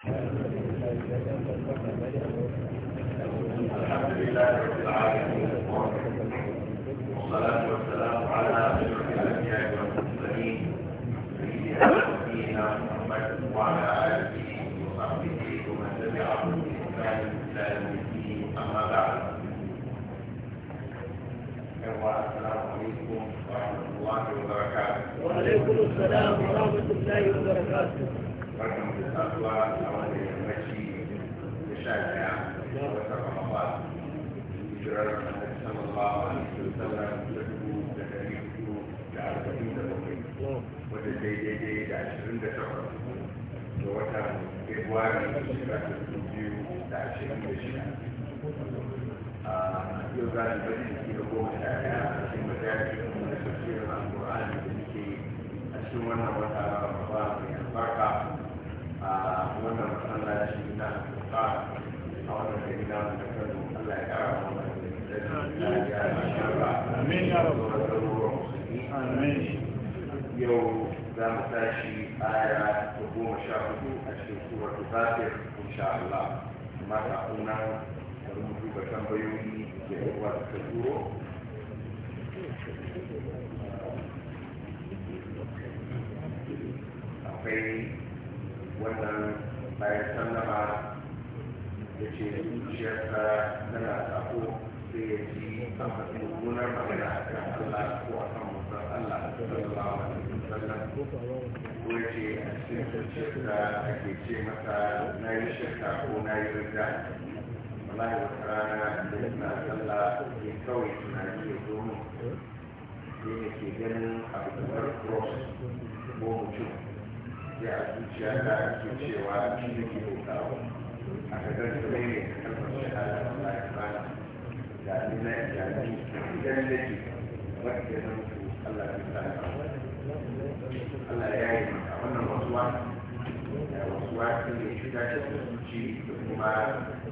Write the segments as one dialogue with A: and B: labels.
A: الحمد لله رب العالمين والصلاة والسلام على أشرف الأنبياء والمرسلين سيدنا محمد وعلى آله وصحبه ومن تبعهم بإحسان إلى يوم الدين أما بعد السلام عليكم ورحمة الله وبركاته وعليكم السلام ورحمة الله وبركاته barkan da saduwa a wani yammaci da sha daya wata ramaba hijirar annabi sallallahu alaihi wasallam da dubu da dari hudu da arba'in da bakwai wata daidai da ashirin da takwas da watan februari shekara ta dubu biyu da ashirin da shida yau za mu bari ciki da goma sha daya a cikin majalisar da tafsirin alƙur'ani da muke a cikin wannan wata ba mai albarka a wannan masallaci na ba a da ya shara amin ya yau za mu tashi aya ta goma sha hudu a cikin suwar zafir insha Allah amma kafin nan da rubutu ga tambayoyi da yawa da ta turo akwai wannan bayan sallama ya ce zuciyarsa tana sako sai ya ji kan fasin gunar magana a kan Allah ko a kan musan Allah a alaihi wasallam ko ya ce a cikin zuciyarsa ake ce masa na yi shirka ko na yi rida wallahi wata rana da ina sallah ya kawai tunani ya zo mu sai ke ganin abu kamar cross ko mutum gaskiya a zuciya ta ake cikin shi ne ke bautawa a kasar su ne ne ka karfar shahada Allah ya fara da nuna jami idan da ke wadda ya su Allah ya sa ya Allah ya yi maka wannan wasu wata wasu wata ne shi ta da zuci da kuma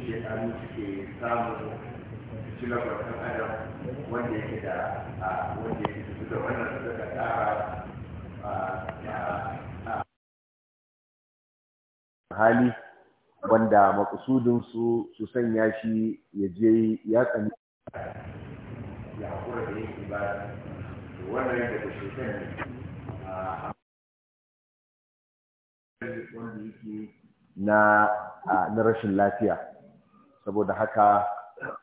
A: ce shekaru suke samun cilabar ɗan adam wanda yake da wanda yake da wannan suka tsara
B: hali wanda makusudin su su sanya shi ya je ya tsani
A: ya kura da yake ba wannan daga shekaru
B: a wanda yake na na rashin lafiya saboda haka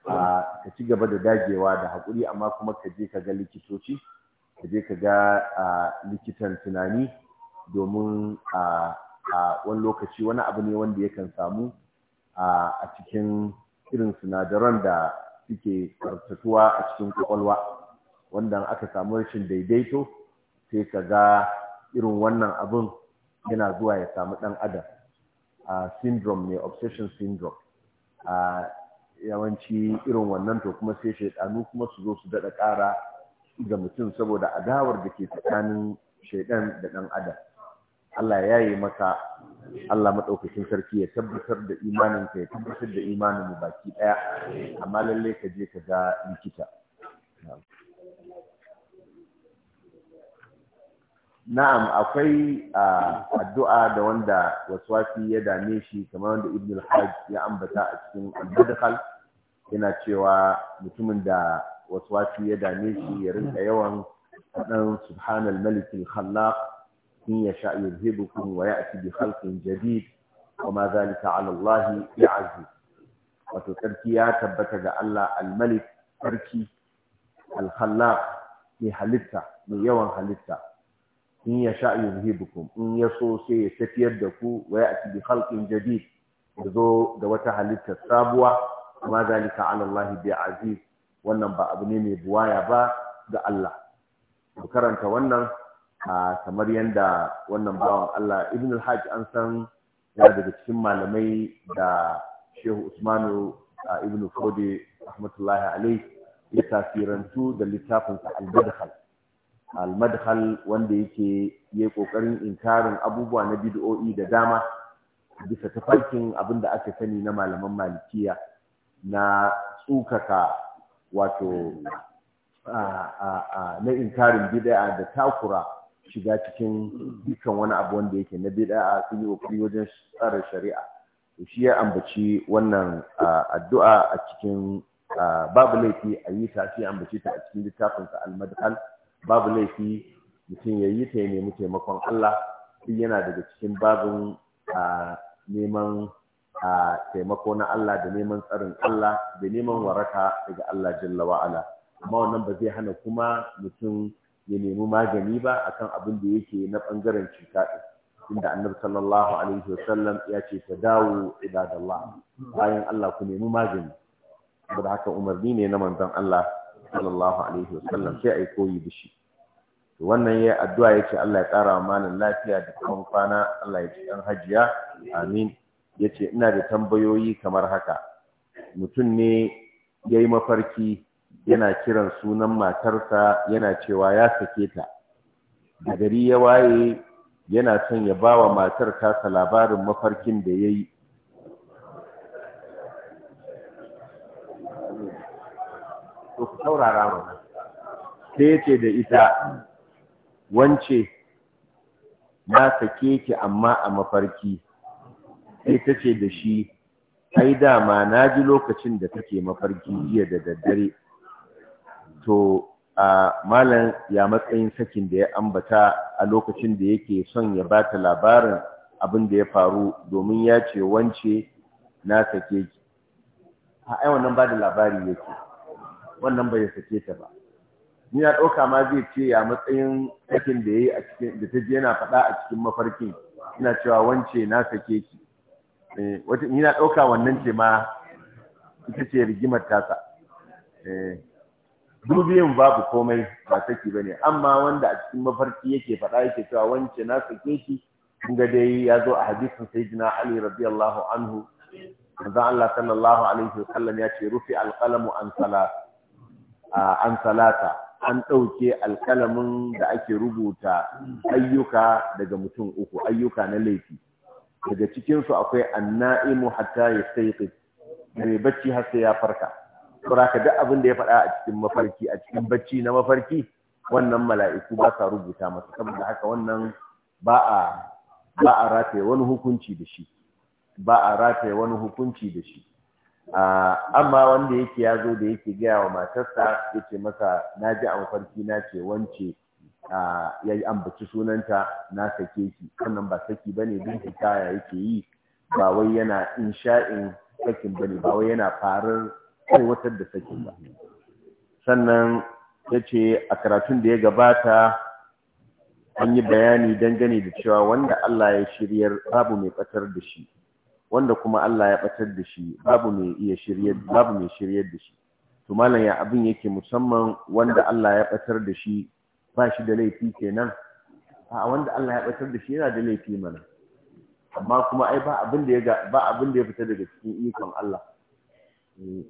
B: ka ci gaba da dagewa da haƙuri amma kuma ka je ka ga likitoci ka je ka ga likitan tunani domin a a wani lokaci wani abu ne wanda yakan samu a cikin irin sinadaran da suke karfatuwa a cikin kwakwalwa wanda aka samu rashin daidaito sai ka ga irin wannan abin yana zuwa ya samu ɗan adam a syndrome ne obsession syndrome a yawanci irin wannan to kuma sai shaidanu kuma su zo su daɗa ƙara ga mutum saboda adawar da ke tsakanin shaidan da ɗan adam Allah ya yi maka Allah maɗaukacin sarki ya tabbatar da imaninka ya tabbatar da imanin mu baki ɗaya amma lallai ka je ka ga likita na'am akwai addu'a da wanda waswafi ya dame shi kamar wanda ibn al-hajj ya ambata a cikin al-madkhal yana cewa mutumin da waswafi ya dame shi ya rinka yawan faɗan subhanal malik al-khallaq in ya sha yi zibukun wa ya ake bi halkin jadid wa ma zalika ala Allah ya sarki ya tabbata ga Allah al-malik sarki al-khallaq mai halitta mai yawan halitta in ya sha yi in ya so sai ya tafiyar da ku wa ya ake bi halkin jadid ya da wata halitta sabuwa wa ma zalika ala Allah ya wannan ba abu ne mai buwaya ba ga Allah ku karanta wannan kamar yadda wannan bawan Allah Ibn al-Hajj an san yana daga cikin malamai da Shehu Usmanu Ibn Fodi rahmatullahi alaih ya tasirantu da littafin sa al-Madkhal al-Madkhal wanda yake yayi kokarin inkarin abubuwa na bid'o'i da dama bisa tafarkin abin da aka sani na malaman malikiya na tsukaka wato na inkarin bid'a da takura shiga cikin dukan wani abu wanda yake na bid'a sun yi kokari wajen tsara shari'a to shi ya ambaci wannan addu'a a cikin babu laifi a yi ta ya ambaci ta a cikin littafin sa al babu laifi mutum ya yi ta ya nemi taimakon Allah shi yana daga cikin babin neman taimako na Allah da neman tsarin Allah da neman waraka daga Allah jalla wa'ala amma wannan ba zai hana kuma mutum ya nemi magani ba akan abin da yake na ɓangaren cuta din inda annabi sallallahu alaihi wasallam ya ce ta dawo ibadallah bayan Allah ku nemi magani saboda haka umarni ne na manzon Allah sallallahu alaihi wasallam sai ai koyi da shi wannan yayi addu'a yace Allah ya tsara wa malam lafiya da kuma kwana Allah ya ci dan hajiya amin yace ina da tambayoyi kamar haka mutum ne yayi mafarki yana kiran sunan matarsa yana cewa ya sake ta da gari ya waye yana son ya ba wa matar tasa labarin mafarkin da ya yi ku saurara mana sai ya ce da ita wance na sake ki amma a mafarki sai ta ce da shi ai dama na ji lokacin da take mafarki jiya da daddare to a malam ya matsayin sakin da ya ambata a lokacin da yake son ya ba ta labarin abin da ya faru domin ya ce wance na sake ki a ai wannan ba da labari yake wannan bai sake ta ba ni na ɗauka ma zai ce ya matsayin sakin da ya yi a cikin da ta je yana faɗa a cikin mafarkin ina cewa wance na sake ki eh, ni na ɗauka wannan ce ma ita ce rigimar tasa eh dubiyin babu komai ba take bane amma wanda a cikin mafarki yake faɗa yake cewa wance na sake ki ga dai ya zo a hadisin sayyidina Ali radiyallahu anhu manzo Allah sallallahu alaihi wasallam ya ce rufi alqalamu an salata an salata an ɗauke alkalamin da ake rubuta ayyuka daga mutum uku ayyuka na laifi daga cikinsu akwai anna'imu hatta ya mai bacci har sai ya farka saboda duk abin da ya faɗa a cikin mafarki a cikin bacci na mafarki wannan mala'iku ba sa rubuta masa saboda haka wannan ba a ba a rataye wani hukunci da shi ba a rataye wani hukunci da shi amma wanda yake ya zo da yake gaya wa matarsa ya ce masa na ji a mafarki na ce wance ya yi ambaci sunanta na sake ki wannan ba saki ba ne bin hikaya yake yi ba wai yana insha'in sakin ba ne ba wai yana farar aiwatar da sakin ba sannan ya ce a karatun da ya gabata an yi bayani dangane da cewa wanda Allah ya shiryar babu mai batar da shi wanda kuma Allah ya batar da shi babu mai iya shiryar babu mai shiryar da shi to ya abin yake musamman wanda Allah ya batar da shi ba shi da laifi kenan a wanda Allah ya batar da shi yana da laifi mana amma kuma ai ba abin da ya ba abin da ya fita daga cikin ikon Allah eh,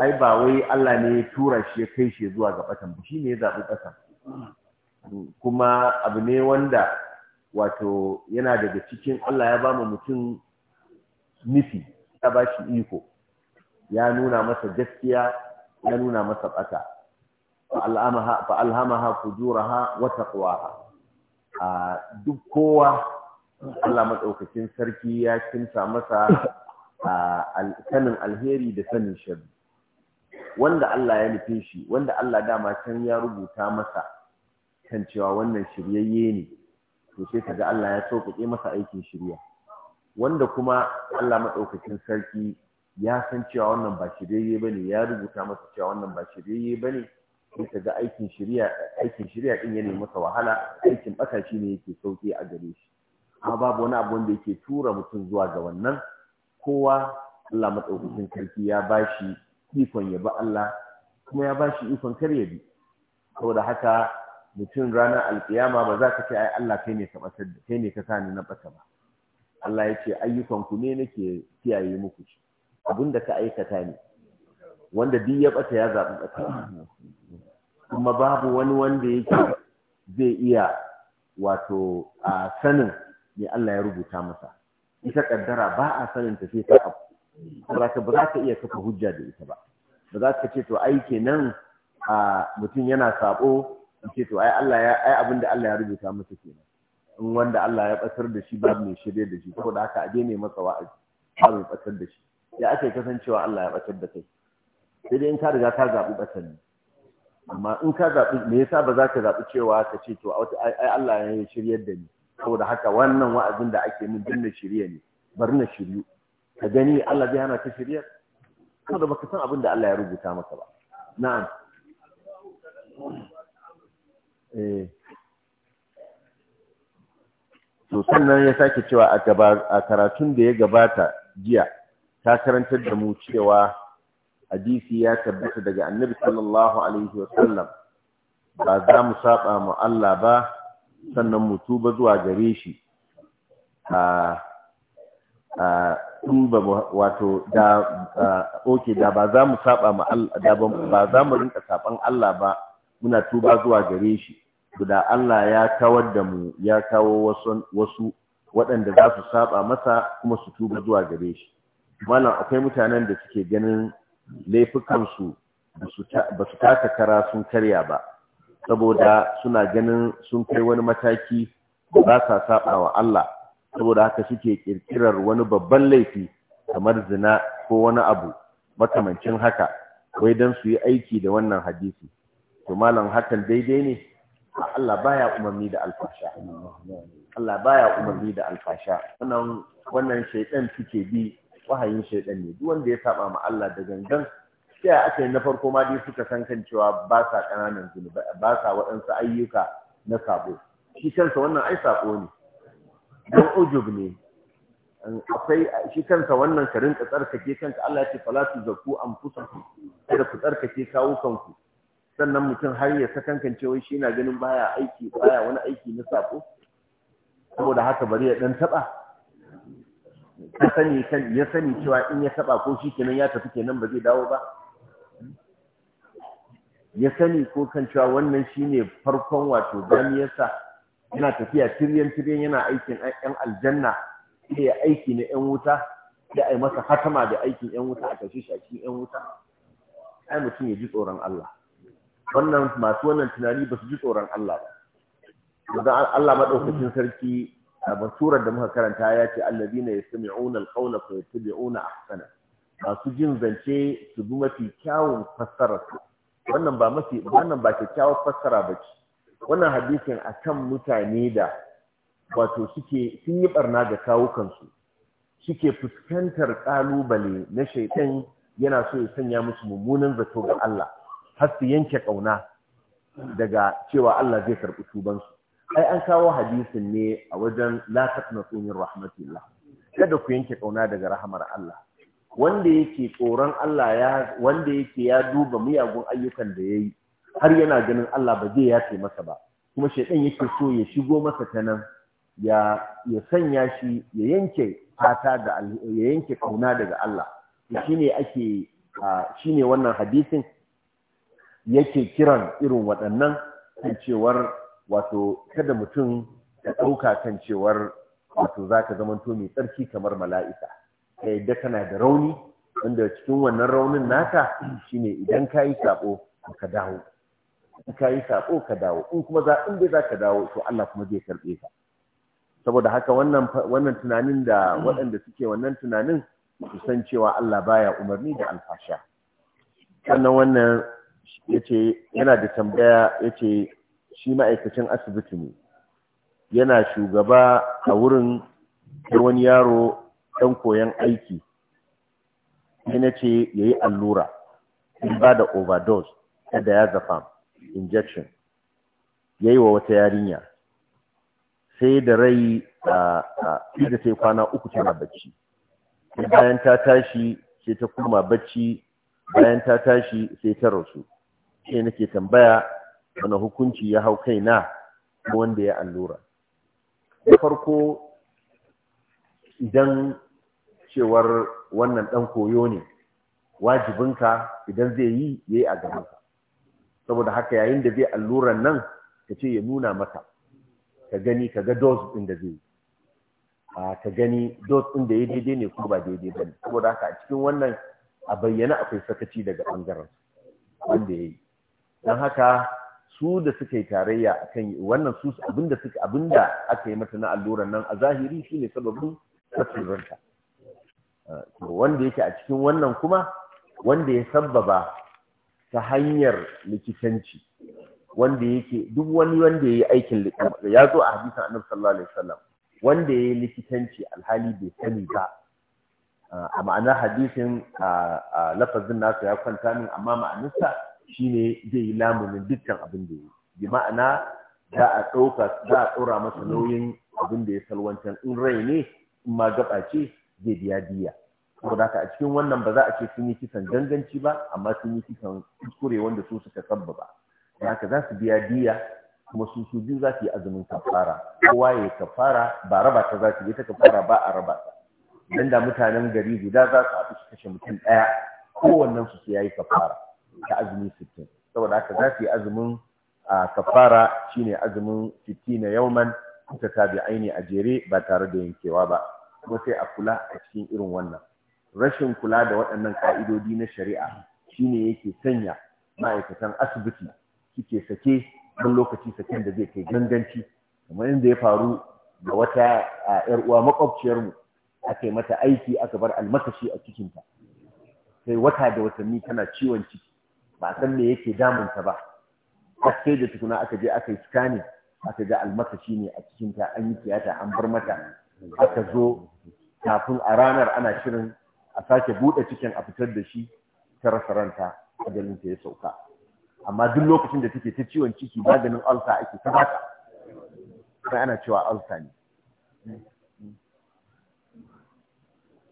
B: ai ba wai Allah ne ya tura shi ya kai shi zuwa ga ba shi ne ya zaɓi ƙasan kuma abu ne wanda wato yana daga cikin Allah ya ba mu mutum nufi ya ba shi iko ya nuna masa gaskiya ya nuna masa ƙasa, fa alhamaha fujuraha wa taqwaha a duk kowa Allah matsaukacin sarki ya kinsa masa sanin alheri da sanin sharri wanda Allah ya nufin shi wanda Allah dama can ya rubuta masa kan cewa wannan shiryayye ne to sai kaga Allah ya sauƙaƙe masa aikin shirya wanda kuma Allah maɗaukakin sarki ya san cewa wannan ba shiryayye bane ya rubuta masa cewa wannan ba shiryayye bane sai kaga aikin shirya aikin shirya din yana masa wahala aikin baka ne yake sauƙi a gare shi amma babu wani abu wanda yake tura mutum zuwa ga wannan kowa Allah maɗaukakin sarki ya bashi ikon ya ba Allah kuma ya ba shi ikon kar ya bi saboda haka mutum ranar alkiyama ba za ka ce ai Allah kai ne ka batar da kai ne ka sani na bata ba Allah ya ce ayyukan ku ne nake kiyaye muku shi abinda ka aikata ne wanda duk ya bata ya zabi bata kuma babu wani wanda yake zai iya wato a sanin me Allah ya rubuta masa ita kaddara ba a sanin ta sai ta saboda ba za ka iya kafa hujja da ita ba ba za ka ce to ai kenan a mutum yana sabo ce to ai Allah ya ai abinda Allah ya rubuta masa kenan in wanda Allah ya batar da shi babu mai shirye da shi saboda haka a daina masa wa'azi babu mai da shi ya ake kasancewa Allah ya batar da kai sai dai in ka riga ka zabi batar ne amma in ka zabi me yasa ba za ka zabi cewa ka ce to ai Allah ya shiryar da ni saboda haka wannan wa'azin da ake min dinna shirye ne bar na shiryu ka gani Allah zai hana ka shirya saboda baka san abin da Allah ya rubuta maka ba na'am eh to sannan ya sake cewa a gaba a karatun da ya gabata jiya ta karantar da mu cewa hadisi ya tabbata daga annabi sallallahu alaihi wa sallam ba za mu saba mu Allah ba sannan mu tuba zuwa gare shi a ah, in wato da oke da ba za mu saba ma Allah ba za mu rinka saban Allah ba muna tuba zuwa gare shi Guda Allah ya kawar da mu ya kawo wasu wasu waɗanda za su saba masa kuma su tuba zuwa gare shi malam akwai mutanen da suke ganin laifukansu ba su taka kara sun karya ba saboda suna ganin sun kai wani mataki ba sa saba wa Allah saboda haka suke kirkirar wani babban laifi kamar zina ko wani abu makamancin haka wai don su yi aiki da wannan hadisi to malam hakan daidai ne Allah baya umarni da alfasha Allah baya umarni da alfasha wannan wannan shaydan suke bi wahayin shaydan ne duk wanda ya saba ma Allah da gangan sai aka yi na farko ma dai suka san kan cewa ba sa ƙananan zunubai ba sa waɗansu ayyuka na sabo shi kansa wannan ai sabo ne don ujub ne akwai shi kanka wannan ka rinka tsarkake kanka Allah ya ce falatu zakku anfusakum kada ku tsarkake kawo kanku sannan mutum har ya kan cewa shi yana ganin baya aiki baya wani aiki na sako saboda haka bari ya dan taba ka sani kan ya sani cewa in ya taba ko shi kenan ya tafi kenan ba zai dawo ba ya sani ko kan cewa wannan shine farkon wato gamiyarsa yana tafiya tiryan tiryan yana aikin yan aljanna sai ya aiki na yan wuta sai a yi masa hatama da aikin yan wuta a kashe shi a cikin yan wuta ai mutum ya ji tsoron Allah wannan masu wannan tunani ba su ji tsoron Allah ba don Allah maɗaukacin sarki a basurar da muka karanta ya ce allazina yastami'una alqawla fa yattabi'una ahsana masu jin zance su bi mafi kyawun fassara. wannan ba mafi wannan ba kyakkyawar fassara ba ce wannan hadisin a kan mutane da wato suke sun yi barna ga kawukansu suke fuskantar kalubale na shaitan yana so ya sanya musu mummunan zato ga Allah har su yanke kauna daga cewa Allah zai karɓi tubansu ai an kawo hadisin ne a wajen la taqnatu min rahmatillah kada ku yanke kauna daga rahmar Allah wanda yake tsoron Allah ya wanda yake ya duba miyagun ayyukan da yayi har yana ganin Allah ba zai yace masa ba kuma shaidan yake so ya shigo masa ta nan ya ya sanya shi ya yanke fata da ya yanke kauna daga Allah shine ake shine wannan hadisin yake kiran irin waɗannan kan cewar wato kada mutum ya ɗauka kan cewar wato za ka zamanto mai tsarki kamar mala'ika ka yadda kana da rauni wanda cikin wannan raunin naka shine idan ka yi saɓo ka dawo in ka yi sako ka dawo in kuma za in dai za ka dawo to Allah kuma zai karɓe ka saboda haka wannan wannan tunanin da waɗanda suke wannan tunanin su san cewa Allah baya umarni da alfasha sannan wannan yace yana da tambaya yace shi ma'aikacin asibiti ne yana shugaba a wurin wani yaro ɗan koyon aiki sai ce ya allura in ba da overdose kada ya zafa injection ya wa wata yarinya sai da rai a da sai kwana uku tana bacci bayan ta tashi sai ta koma bacci bayan ta tashi sai ta rasu sai nake tambaya wani hukunci ya hau kai na wanda ya allura da farko idan cewar wannan dan koyo ne wajibinka idan zai yi ya yi a gabanka saboda haka yayin da zai alluran nan ka ce ya nuna mata. ka gani ka ga dos ɗin da zai a ka gani Dos ɗin da ya daidai ne ko ba daidai ba saboda haka a cikin wannan a bayyana akwai sakaci daga bangaren wanda ya yi don haka su da suka yi tarayya a kan wannan su abinda suka abinda aka yi mata na alluran nan a zahiri shi ne sababin tasirinta wanda yake a cikin wannan kuma wanda ya sabbaba ta hanyar likitanci wanda yake duk wani wanda ya yi aikin ya zo a hadisan annabi sallallahu alaihi wasallam wanda ya yi likitanci alhali bai sani ba a ma'anar hadisin a lafazin nasa ya kwanta min amma ma'anarsa shine zai yi lamunin dukkan abin da ya yi bi ma'ana za a ɗauka za a ɗora masa nauyin abin da ya salwantar in rai ne in ma gaba ce zai biya diya saboda haka a cikin wannan ba za a ce sun yi kisan ganganci ba amma sun yi kisan kuskure wanda su suka Ba da haka za su biya diya kuma su su biyu za su yi azumin kafara kowa ya kafara ba raba ta za su yi ta kafara ba a raba ta dan da mutanen gari guda za su haɗu su kashe mutum ɗaya kowannen su sai yi kafara ta azumi sittin saboda haka za su yi azumin kafara shine azumin yau yauman kuka tabi aini a jere ba tare da yankewa ba kuma sai a kula a cikin irin wannan rashin kula da waɗannan ƙa'idodi na shari'a shi ne yake sanya ma'aikatan asibiti suke sake ɗan lokaci saken da zai kai ganganci kamar yadda ya faru da wata yar uwa makwabciyarmu aka yi mata aiki aka bar almakashi a cikinta sai wata da watanni tana ciwon ciki ba a san me yake ta ba haske da tukuna aka je aka yi ne, aka ga almakashi ne a cikinta an yi tiyata an bar mata aka zo kafin a ranar ana shirin a sake buɗe cikin a fitar da shi ta rasa ranta ajalin ta ya sauka amma duk lokacin da take ta ciwon ciki maganin alsa ake ta ba sai ana cewa alsa ne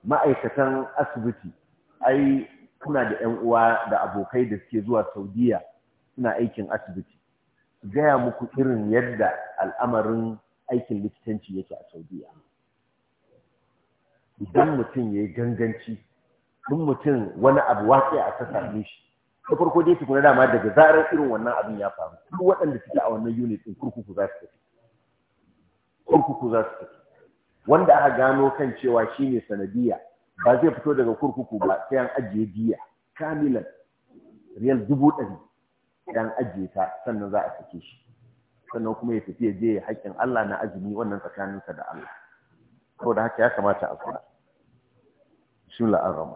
B: ma'aikatan asibiti ai kuna da 'yan uwa da abokai da suke zuwa Saudiya suna aikin asibiti gaya muku irin yadda al'amarin aikin likitanci yake a Saudiya idan mutum ya yi ganganci in mutum wani abu waƙi a ta same shi ta farko dai tukuna dama daga zarar irin wannan abin ya faru duk waɗanda suke a wannan unit ɗin kurkuku za su tafi kurkuku za su tafi wanda aka gano kan cewa shi ne sanadiyya ba zai fito daga kurkuku ba sai an ajiye diya kamilan riyal dubu ɗari an ajiye ta sannan za a sake shi sannan kuma ya tafi ya je haƙƙin Allah na azumi wannan tsakaninsa da Allah saboda haka ya kamata a kula بسم الله الرحمن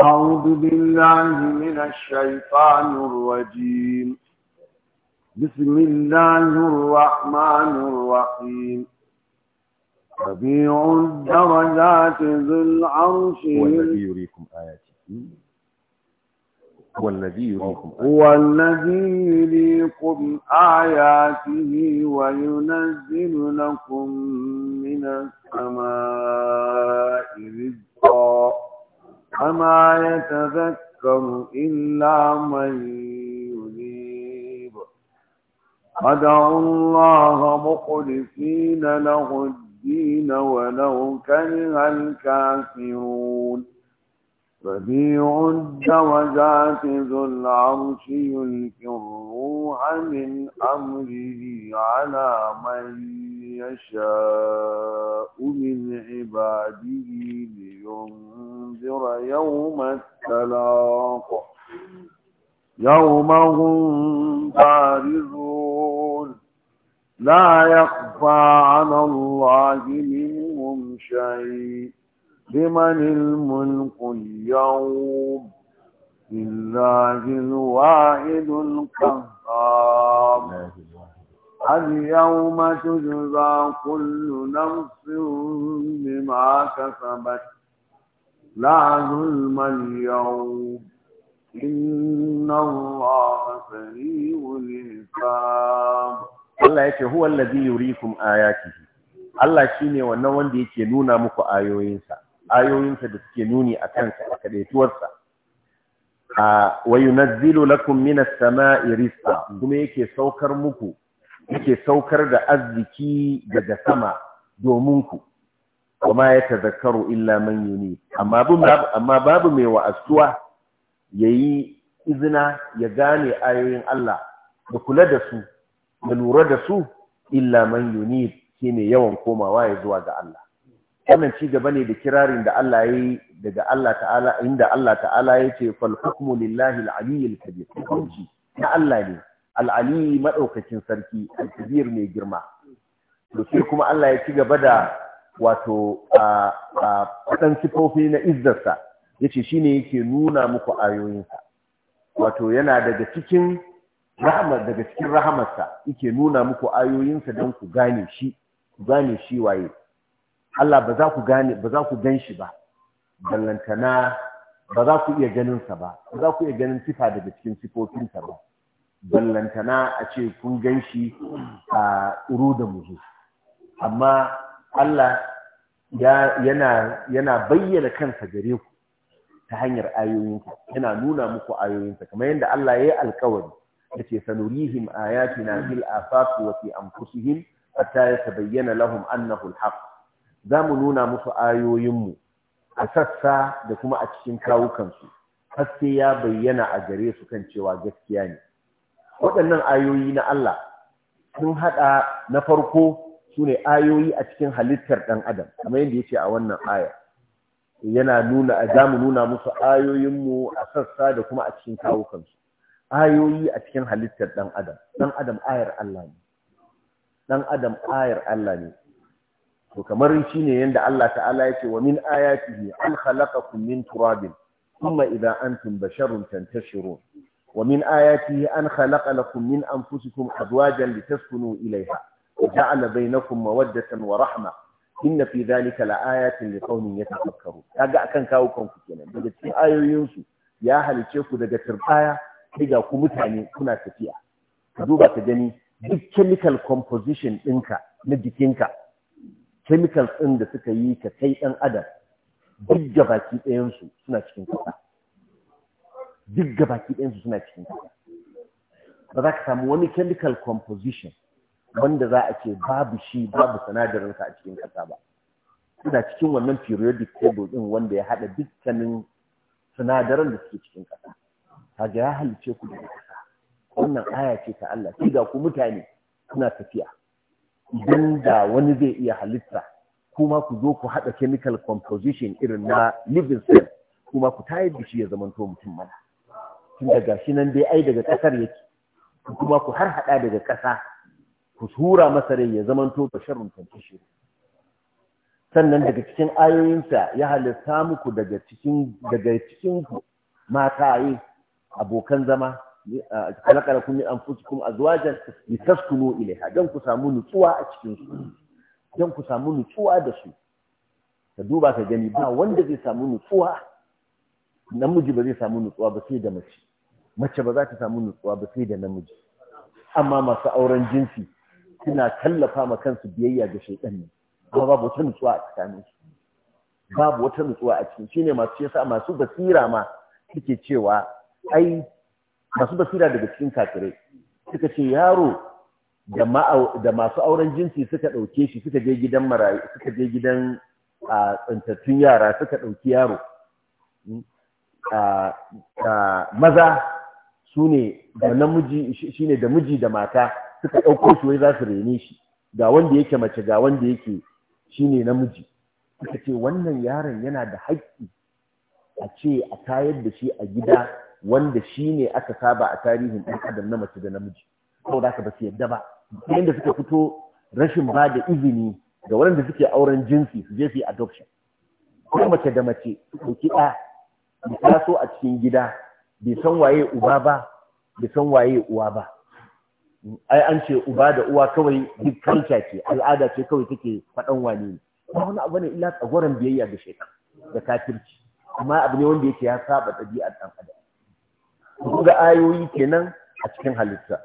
C: أعوذ بالله من الشيطان الرجيم بسم الله الرحمن الرحيم ربيع الدرجات ذو العرش والذي
D: يريكم آياته هو الذي يريكم
C: هو الذي يريكم آياته وينزل لكم من السماء رزقا وما يتذكر إلا من ينيب فدعوا الله مخلصين له الدين ولو كره الكافرون بديع الدرجات ذو العرش يلقي الروح من أمره على من يشاء من عباده لينذر يوم التلاق يوم هم بارزون لا يخفى على الله منهم شيء لمن الملك اليوم لله الواحد القهار اليوم تجزى كل نفس بما كسبت لا ظلم اليوم إن الله سريع الحساب
B: الله يكي هو الذي يريكم آياته Allah shi ne wannan wanda yake nuna muku ayoyinsa, ayoyinsa da suke nuni a kansa a kadaituwarsa. A wayu nazzilu lakum minas kuma yake saukar muku yake saukar da arziki daga sama domin ku kuma ya zakaru illa man yuni amma babu mai wa'astuwa yayi izina ya gane ayoyin Allah da kula da su da lura da su illa man yuni ne yawan komawa ya zuwa ga Allah wannan ci gaba ne da kirarin da Allah yayi daga Allah ta'ala inda Allah ta'ala ya ce hukmu lillahi al-aliyyil kabir hukunci na Allah ne al'ali maɗaukacin sarki al-kabir mai girma to sai kuma Allah ya ci gaba da wato a faɗan sifofi na izzarsa yace shine yake nuna muku ayoyinsa wato yana daga cikin rahmar daga cikin rahamarsa yake nuna muku ayoyinsa don ku gane shi ku gane shi waye Allah ba za ku gane ba za ku gan shi ba ballantana ba za ku iya ganinsa ba ba za ku iya ganin sifa daga cikin sifofinsa ba ballantana a ce kun gan shi a tsuru da muzu amma Allah yana bayyana kansa gare ku ta hanyar ayoyinsa yana nuna muku ayoyinsa kamar yadda Allah ya yi alkawari da ce sanurihim ayatina fil afaq wa fi anfusihim hatta yatabayyana lahum annahu alhaq zamu nuna musu ayoyinmu a sassa da kuma a cikin kawukansu har sai ya bayyana a gare su kan cewa gaskiya ne waɗannan ayoyi na Allah sun haɗa na farko su ne ayoyi a cikin halittar ɗan adam kamar yadda ya ce a wannan aya yana nuna za mu nuna musu ayoyinmu a sassa da kuma a cikin kawo kansu ayoyi a cikin halittar ɗan adam ɗan adam ayar Allah ne ɗan adam ayar Allah ne to kamar shi ne yadda Allah ta'ala ya ce wa min ayatihi an khalaqakum min turabin kuma idan antum basharun tantashirun ومن آياته أن خلق لكم من أنفسكم أزواجا لتسكنوا إليها وجعل بينكم مودة ورحمة إن في ذلك لآيات لقوم يتفكرون هذا كان كاوكم في كنا daga cikin ayoyinsu ya halice ku daga turbaya sai ga ku mutane kuna tafiya ka duba ka gani duk chemical composition ɗinka na jikinka chemicals ɗin da suka yi ka kai ɗan adam duk gabaki ɗayansu suna cikin kasa duk gabaki ɗayansu suna cikin kasa ba za ka samu wani chemical composition wanda za a ce babu shi babu sinadarinsa a cikin kasa ba suna cikin wannan periodic table ɗin wanda ya haɗa dukkanin sinadaran da suke cikin kasa kaga ya halice ku ya kasa wannan aya ce ta Allah sai ga ku mutane suna tafiya idan da wani zai iya halitta kuma ku zo ku haɗa chemical composition irin na living cell kuma ku tayar da shi ya zamanto mutum mana tunda shi nan dai ai daga ƙasar yake ku kuma ku har hada daga ƙasa ku tura masa rai ya zamanto basharun tantashi sannan daga cikin ayoyinsa ya halitta muku daga cikin daga cikin ku yi abokan zama kalakalakum min kuma azwajan litaskunu ilaiha dan ku samu nutsuwa a cikin su dan ku samu nutsuwa da su ka duba ka gani ba wanda zai samu nutsuwa namiji ba zai samu nutsuwa ba sai da mace mace ba za ta samu nutsuwa ba sai da namiji amma masu auren jinsi suna tallafa ma kansu biyayya ga shaidan ne amma babu wata nutsuwa a tsakanin shi. babu wata nutsuwa a cikin shine masu yasa masu basira ma suke cewa ai masu basira daga cikin kafirai suka ce yaro da masu auren jinsi suka ɗauke shi suka je gidan marayi suka je gidan a tsantattun yara suka ɗauki yaro maza su ne da namiji shi ne da miji da mata suka ɗauko shi wai za su rene shi ga wanda yake mace ga wanda yake shi ne namiji suka ce wannan yaron yana da haƙƙi a ce a tayar da shi a gida wanda shi ne aka saba a tarihin ɗan adam na mace da namiji saboda haka ba su yadda ba yadda suka fito rashin ba da izini ga waɗanda suke auren jinsi su je su yi adoption ko mace da mace su kiɗa, ɗa taso a cikin gida bai san waye uba ba bai san waye uwa ba ai an ce uba da uwa kawai duk kanta ce al'ada ce kawai take faɗan wane ne ba wani abu ne illa tsagoran biyayya ga shekar da kafirci amma abu ne wanda yake ya saba ɗabi'ar ɗan adam ku ga ayoyi kenan a cikin halitta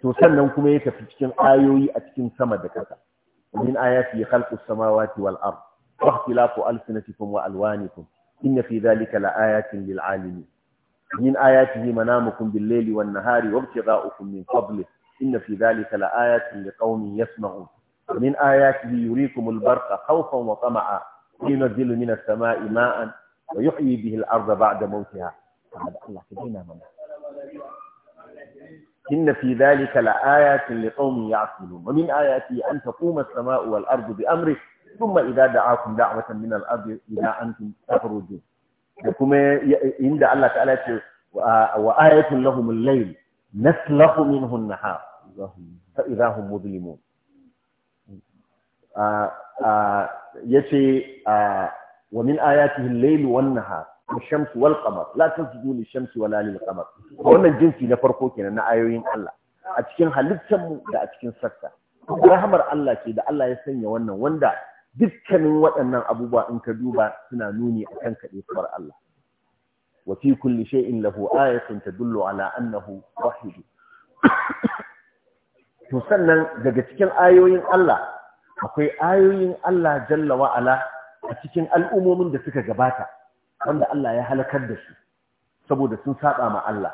B: to sannan kuma ya tafi cikin ayoyi a cikin sama da ƙasa min ayati khalqus samawati wal ard wa ikhtilafu alsinatikum wa alwanikum إن في ذلك لآيات للعالمين من آياته منامكم بالليل والنهار وابتغاؤكم من فضله إن في ذلك لآيات لقوم يسمعون ومن آياته يريكم البرق خوفا وطمعا ينزل من السماء ماء ويحيي به الأرض بعد موتها هذا الله كدينا إن في ذلك لآيات لقوم يعقلون ومن آياته أن تقوم السماء والأرض بأمره ثم إذا دعاكم دعوة من الأرض إذا أنتم تخرجون kuma inda Allah ta'ala ce wa ayatun lahum al-layl naslahu minhu an-nahar fa idha hum mudlimun yace wa min ayatihi al-layl wan-nahar wash-shamsu wal-qamar la tasjudu lish-shamsi wala lil-qamar wannan jinsi na farko kenan na ayoyin Allah a cikin halittar mu da a cikin sakka rahmar Allah ce da Allah ya sanya wannan wanda dukkanin waɗannan abubuwa in ka duba suna nuni a kan kaɗaituwar Allah wa fi kulli shay'in lahu ayatun tadullu ala annahu wahid to sannan daga cikin ayoyin Allah akwai ayoyin Allah jalla wa ala a cikin al'umomin da suka gabata wanda Allah ya halakar da su saboda sun saba ma Allah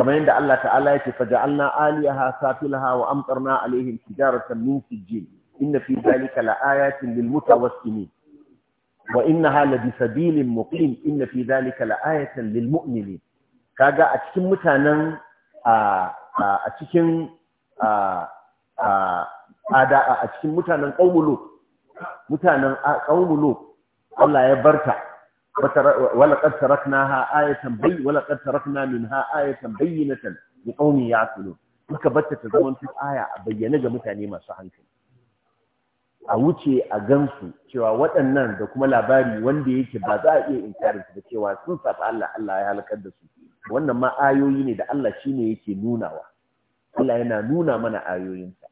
B: kamar yadda Allah ta'ala yake faja'alna aliyaha safilaha wa amtarna alaihim tijaratan min sijjin inna fi zalika laayatin lil mutawassimin wa innaha la bisabilin muqim inna fi zalika laayatin lil mu'minin kaga a cikin mutanen a a cikin a ada a cikin barta ولقد تركناها آية بي ولقد تركنا منها آية بينة لقوم يعقلون muka ta zama aya a bayyane ga mutane masu hankali a wuce a gansu cewa waɗannan da kuma labari wanda yake ba za a iya inkarin da cewa sun safi Allah Allah ya halakar da su wannan ma ayoyi ne da Allah shine yake nunawa Allah yana nuna mana ayoyinsa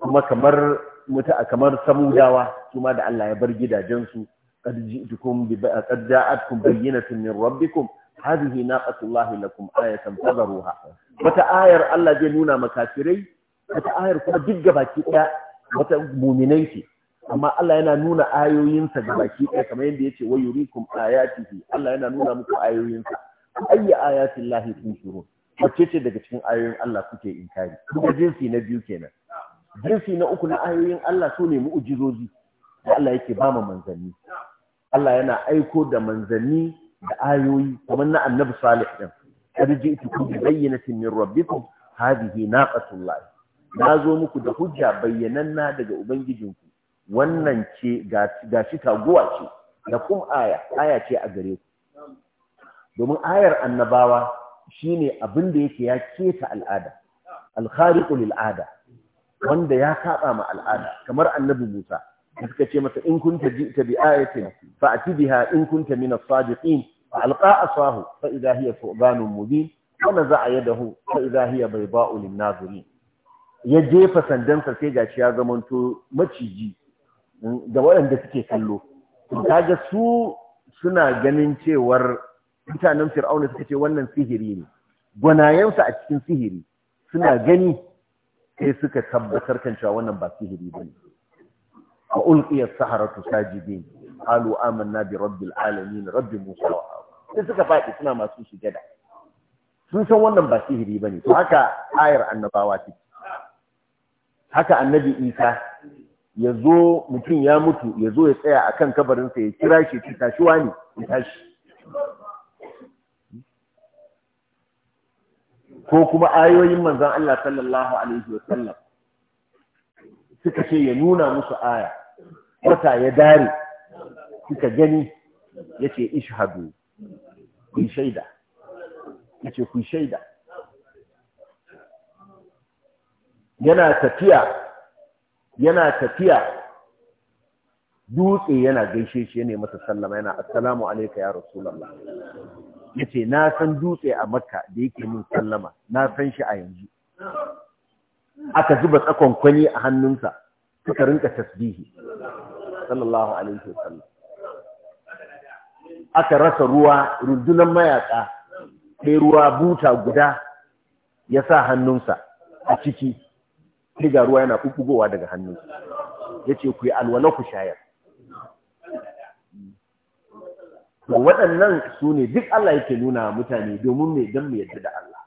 B: kuma kamar muta kamar samudawa kuma da Allah ya bar gidajensu qad ji'tukum bi qad ja'atkum bayyinatun min rabbikum hadhihi naqatullahi lakum ayatan fadharuha wata ayar Allah zai nuna makafirai wata ayar kuma duk gabaki daya wata muminai ce amma Allah yana nuna ayoyinsa da baki ɗaya kamar yadda ce wa yurikum ayatihi Allah yana nuna muku ayoyinsa ayi ayatin lahi shiru. wacce ce daga cikin ayoyin Allah kuke inkari kuma jinsi na biyu kenan jinsi na uku na ayoyin Allah su ne mu'ujizozi da Allah yake ba ma manzanni Allah yana aiko da manzanni da ayoyi kamar na annabi salih din kad ji'tukum bi bayyinatin min rabbikum hadhihi naqatullah na zo muku da hujja bayyananna daga ubangijinku wannan ce ga shi taguwa ce da kuma aya aya ce a gare ku domin ayar annabawa ne abin da yake ya keta al'ada alkhari khariqu lil'ada wanda ya saba ma al'ada kamar annabi Musa suka ce masa in kunta ta bi ayatin fa'ti biha in kunta min as-sadiqin alqa asahu fa idha hiya thubanun mubin wa naza'a yadahu fa idha hiya bayda'u lin-nazirin ya jefa sandansa sai gashi ya zamanto maciji Da mm, waɗanda suke kallo kaga su suna ganin cewar mutanen fir'auna suka ce wannan sihiri ne gwanayensa a cikin sihiri suna gani sai suka tabbatar kan cewa wannan ba sihiri ne. a sahara saharatu sajidin qalu amanna bi rabbil alamin rabbi musa wa sai suka faɗi suna masu shigada. sun san wannan ba sihiri ba ne. to haka ayar annabawa take haka annabi isa ya zo mutum ya mutu ya zo ya tsaya a kan kabarinsa ya kira shi ta tashi wani ya tashi ko kuma ayoyin manzan Allah sallallahu alaihi wa sallam suka ce ya nuna musu aya wata ya dare suka gani ya ce ishadu ku shaida ya ce ku shaida yana tafiya yana tafiya dutse yana gaishe shi ne masa sallama yana assalamu alayka ya rasulullah yace na san dutse a makka da yake min sallama na san shi a yanzu aka zuba tsakon kwani a hannunsa suka rinka tasbihi sallallahu alaihi wasallam aka rasa ruwa rundunan mayaka sai ruwa buta guda ya sa hannunsa a ciki sai ga ruwa yana bubbugowa daga hannu. ya ce ku yi alwala ku shayar to waɗannan su ne duk Allah yake nuna mutane domin me don mu yadda da Allah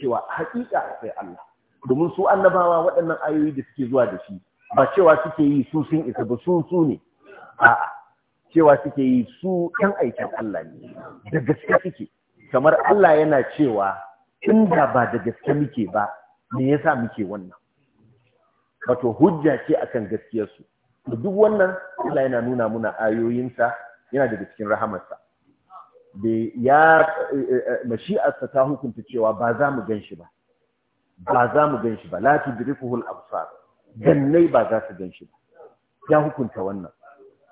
B: cewa haƙiƙa akwai Allah domin su annabawa waɗannan ayoyi da suke zuwa da shi ba cewa suke yi su sun isa ba sun su ne a'a cewa suke yi su ɗan aikin Allah ne da gaske suke kamar Allah yana cewa inda ba da gaske muke ba me yasa muke wannan wato hujja ce akan gaskiyarsu to duk wannan Allah yana nuna muna ayoyinsa yana daga cikin rahamarsa da ya mashi'arsa ta hukunta cewa ba za mu gan shi ba ba za mu gan shi ba la tudrikuhu al-absar gannai ba za su gan shi ba ya hukunta wannan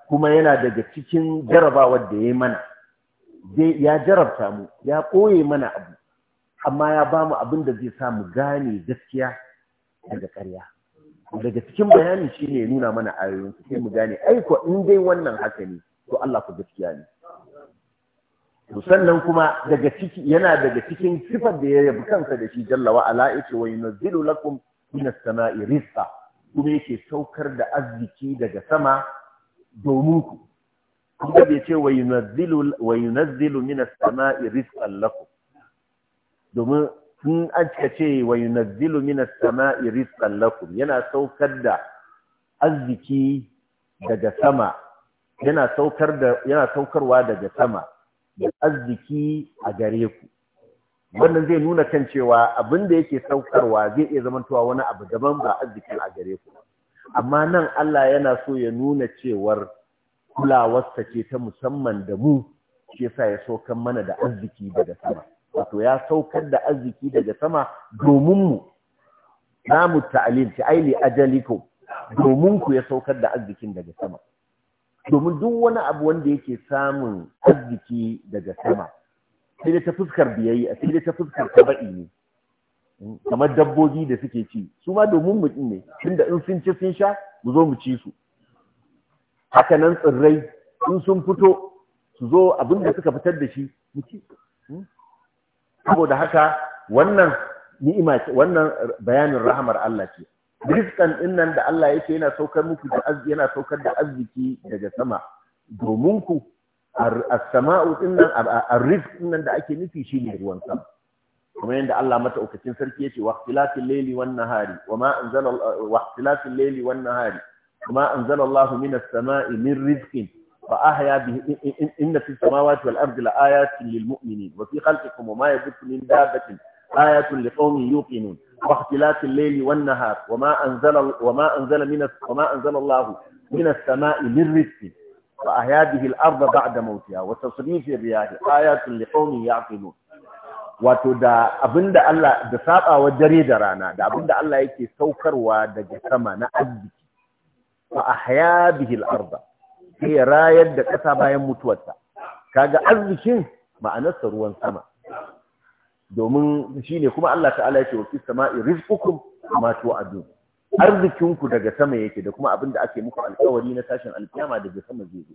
B: kuma yana daga cikin jarabawar da yayi mana ya jarabta mu ya koye mana abu amma ya ba mu abin da zai sa mu gane gaskiya daga ƙarya daga cikin bayani shine nuna mana ayoyin sai mu gane ai in dai wannan haka ne to Allah ku gaskiya ne to sannan kuma daga ciki yana daga cikin sifar da ya yabi kansa da shi jalla wa ala yace wa yunzilu lakum minas sama'i rizqa kuma yake saukar da arziki daga sama domin ku kuma bai ce wa yunzilu wa yunzilu minas sama'i rizqan lakum domin in aka ce wa yunazzilu minas sama'i rizqan lakum yana saukar da arziki daga sama yana saukar da yana saukarwa daga sama da arziki a gare ku wannan zai nuna kan cewa abin da yake saukarwa zai iya zamantowa wani abu daban ba arziki a gare ku amma nan Allah yana so ya nuna cewar kulawarsa ce ta musamman da mu shi yasa ya saukan mana da arziki daga sama wato ya saukar da arziki daga sama domin mu namu ta'alim shi aili ajaliku domin ku ya saukar da arzikin daga sama domin duk wani abu wanda yake samun arziki daga sama sai dai ta fuskar biyayya sai da ta fuskar taba'i ne hmm, kamar dabbobi da suke ci su ma domin mu ne tunda in sun ci sun sha mu zo mu ci su haka nan tsirrai in sun fito su zo abin da suka fitar da shi mu ci hmm, saboda haka wannan ni'ima ce wannan bayanin rahamar Allah ce rizqan din nan da Allah yake yana saukar muku da arziki yana saukar da arziki daga sama domin ku as-sama'u din nan ar-rizq din nan da ake nufi shine ruwan sama kuma yanda Allah mata ukacin sarki yace wa ikhtilafil layli wan nahari wa ma anzala wa ikhtilafil layli wan nahari kuma anzala minas sama'i min rizqin فأحيا به إن في السماوات والأرض لآيات للمؤمنين وفي خلقكم وما يبث من دابة آية لقوم يوقنون واختلاف الليل والنهار وما أنزل وما أنزل من وما أنزل الله من السماء من رزق فأحيا به الأرض بعد موتها وتصريف الرياح آيات لقوم يعقلون wato da abinda Allah da sabawar dare da rana da abinda Allah yake saukarwa daga sama na arziki fa ahya bihi al-ardh sai rayar da ƙasa bayan mutuwarsa ga arzikin ma'anarsa ruwan sama domin shi ne kuma Allah ta'ala yake wakil sama'i rizqukum ma a arzikin Arzikinku daga sama yake da kuma abin da ake muku alƙawari na tashin alkiyama daga sama zai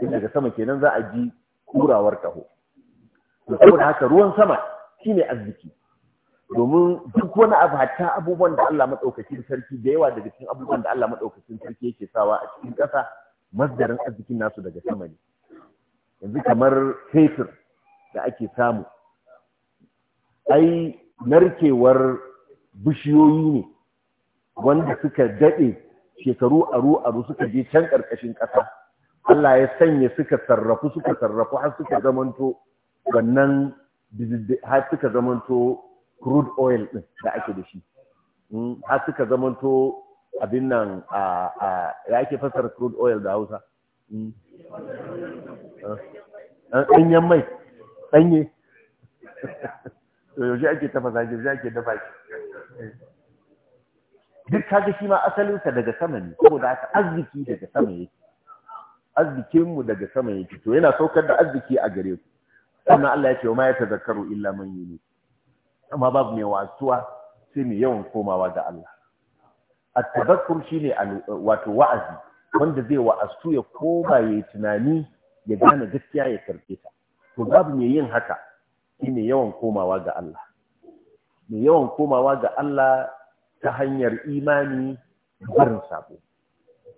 B: zo daga sama kenan za a ji kurawar taho to saboda haka ruwan sama ne arziki domin duk wani abu hatta abubuwan da Allah madaukakin sarki da yawa daga cikin abubuwan da Allah Maɗaukacin sarki yake sawa a cikin ƙasa masdarin arzikin nasu daga sama ne yanzu kamar fetur da ake samu ai narkewar bishiyoyi ne wanda suka daɗe shekaru aru aru suka je can ƙarƙashin ƙasa Allah ya sanya suka sarrafu suka sarrafu har suka zamanto wannan har suka zamanto crude oil ɗin da ake da shi hmm, har suka zamanto abin nan a a ya ke fasar crude oil da Hausa hmm. eh? Eh? ɗanyen mai ɗanye to yaushe ake tafasa shi yaushe ake dafa shi duk kaga shi ma asalinsa daga sama ne da aka arziki daga sama yake arzikin mu daga sama yake to yana saukar da arziki a gare ku sannan Allah ya ce ma ya tazakkaru illa man yuni amma babu mai wasuwa sai mai yawan komawa ga Allah at-tadhakkur shine wato wa'azi wanda zai wa'astu ya ba yayi tunani ya gane gaskiya ya karbe ta to babu mai yin haka shine yawan komawa ga Allah ta hanyar imani barin sabo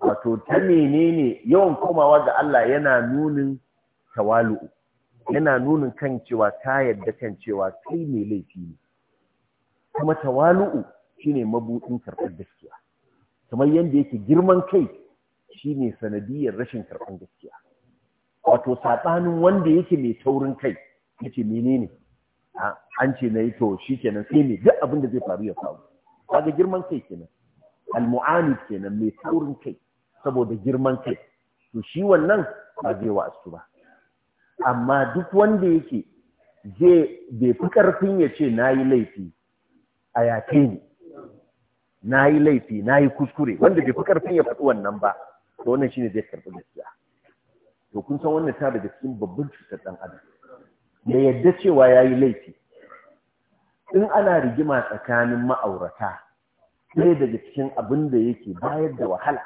B: wato ta menene yawan komawa ga Allah yana nunin tawalu'u yana nunin kan cewa ta yadda kan cewa kai mai laifi ne kuma tawalu'u shine mabudin karɓar gaskiya kamar yadda yake girman kai shine sanadiyar rashin karɓar gaskiya wato saɓanin wanda yake mai taurin kai ce menene an ce na yi to shi kenan sai ne duk abin da zai faru ya faru kaga girman kai kenan almu'ani kenan mai taurin kai saboda girman kai to shi wannan ba zai wa asu ba amma duk wanda yake zai bai fi karfin ya ce na yi laifi a yake ne na yi laifi na yi kuskure wanda bai fi karfin ya faɗi wannan ba to wannan shine zai karɓi gaskiya to kun san wannan ta daga cikin babban cutar ɗan adam ya yadda cewa ya yi laifi in ana rigima tsakanin ma'aurata ɗaya daga cikin abin da yake bayar da wahala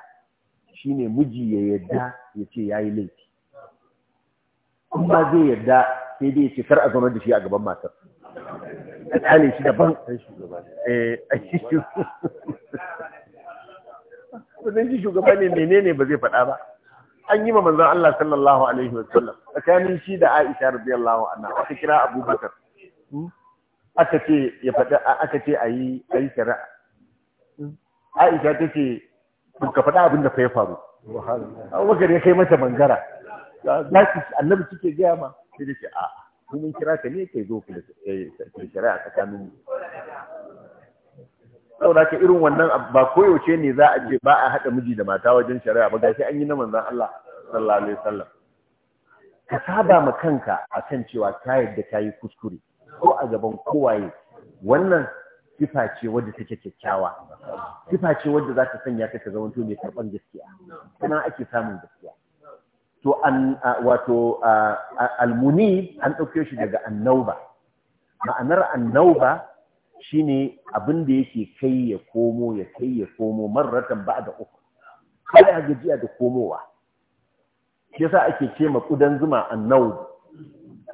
B: shine miji ya yadda ya ce ya yi laifi In ba zai yadda sai dai ya ce kar a zama da shi a gaban matar a tsane shi daban eh, kudin shi shugaba ne menene ba zai faɗa ba an yi ma manzon Allah sallallahu alaihi wa sallam tsakanin shi da Aisha radiyallahu anha aka kira Abu Bakar. Hmm? aka ce ya faɗa aka ce ayi ayi shari'a hmm? Aisha ta ce ka faɗa abin da fa ya faru Abubakar ya kai mata mangara Zaki, annabi kike gaya ma sai ce a'a ko mun kira ka ne kai zo ku eh, shari'a tsakanin sau da ke irin wannan ba koyaushe ne za a ce ba a haɗa miji da mata wajen shari'a ba gashi an yi na manzan Allah sallallahu alaihi wasallam ka saba ma kanka a kan cewa ka yadda ka yi kuskure ko a gaban kowaye wannan sifa ce wadda take kyakkyawa sifa ce wadda za ta sanya ka ka zama mai karɓar gaskiya kuma ake samun gaskiya to an wato almuni an ɗauke shi daga annauba ma'anar annauba shine abin da yake kai ya komo ya kai ya komo marratan ba da uku kai ya gajiya da komowa shi yasa ake ce ma kudan zuma annau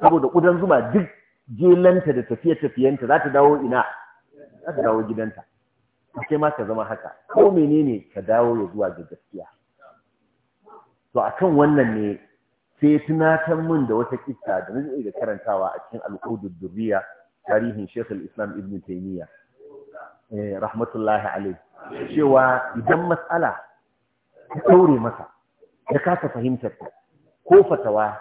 B: saboda kudan zuma duk jelanta da tafiye tafiyenta za ta dawo ina za ta dawo gidanta sai ma ka zama haka ko menene ka dawo ya zuwa ga gaskiya to akan wannan ne sai tunatar min da wata kissa da na ga karantawa a cikin al'udud durriya tarihin Sheikh al-Islam Ibn Taymiyyah eh rahmatullahi alayh cewa idan mas'ala ta daure masa ya kasa fahimtar ta ko fatawa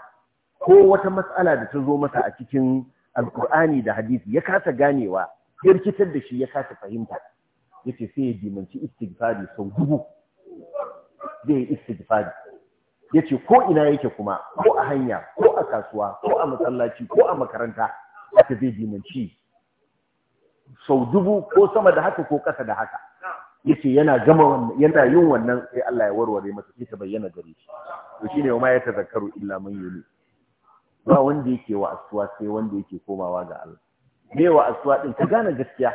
B: ko wata mas'ala da ta zo masa a cikin alkur'ani da hadisi ya kasa ganewa ya rikitar da shi ya kasa fahimta yace sai ya dimanci istighfari sau dubu zai istighfari yace ko ina yake kuma ko a hanya ko a kasuwa ko a masallaci ko a makaranta aka zai dimanci sau dubu ko sama da haka ko ƙasa da haka yace yana gama wannan yana yin wannan sai Allah ya warware masa sai bayyana gare shi to shine ma ya tazakkaru illa man yuni ba wanda yake wa asuwa sai wanda yake komawa ga Allah me wa asuwa din ka gane gaskiya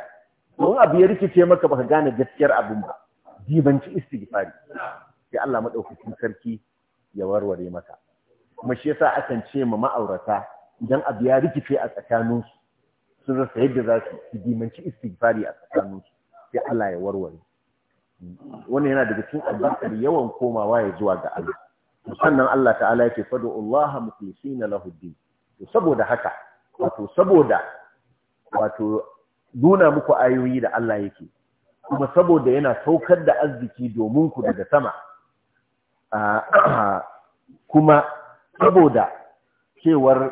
B: don abu ya rikice maka baka gane gaskiyar abin ba dibanci istighfari sai Allah madaukakin sarki ya warware maka kuma shi yasa akan ce ma ma'aurata idan abu ya rikice a tsakaninsu sun rasa yadda za su dimanci istighfari a tsakaninsu sai Allah ya warware wannan yana daga cikin albarkar yawan komawa ya zuwa ga Allah Musannan Allah ta'ala yake fadu Allah mukhlisina lahu din to saboda haka wato saboda wato nuna muku ayoyi da Allah yake kuma saboda yana saukar da arziki domin ku daga sama kuma saboda cewar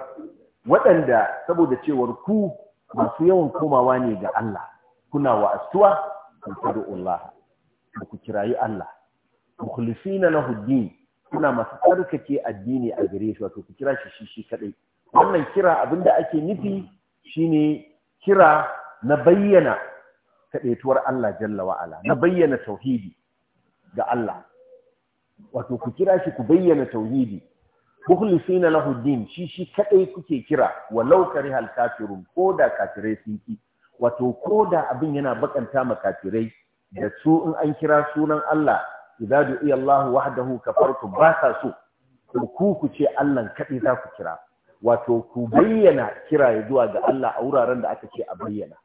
B: waɗanda saboda cewar ku masu yawan komawa ne ga Allah kuna wa astuwa ku Allah ku kirayi Allah mukhlisina lahu din kuna masu tsarkake addini a gare shi wato ku kira shi shi shi kadai wannan kira abinda ake nufi shine kira na bayyana kadaituwar Allah jalla wa ala na bayyana tauhidi ga Allah wato ku kira shi ku bayyana tauhidi mukhlisina lahu din shi shi kadai kuke kira walau karihal kafirun ko da kafirai sun ki wato ko da abin yana bakanta ma kafirai da su in an kira sunan Allah idza du'iya Allah wahdahu kafar ba sa so ku ku ce Allah kadai za ku kira wato ku bayyana kira ya zuwa ga Allah a wuraren da aka ce a bayyana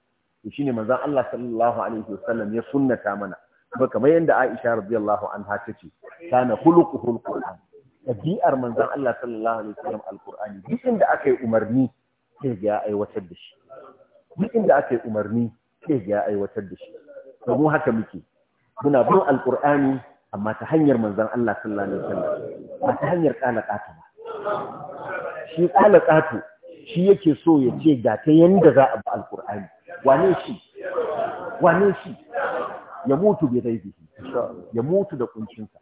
B: to shine manzon Allah sallallahu alaihi wasallam ya sunnata mana ba kamar yadda Aisha radiyallahu anha tace kana khuluquhul qur'an dabi'ar manzon Allah sallallahu alaihi wasallam alqur'ani duk inda aka yi umarni sai ya aiwatar da shi duk inda aka yi umarni sai ya aiwatar da shi to mu haka muke muna bin alqur'ani amma ta hanyar manzon Allah sallallahu alaihi wasallam ba ta hanyar kala kata ba
A: shi kala kato
B: shi yake so ya ce ga ta yanda za a bi alqur'ani wane shi wane shi ya mutu bi ghaibihi ya mutu da kuncinsa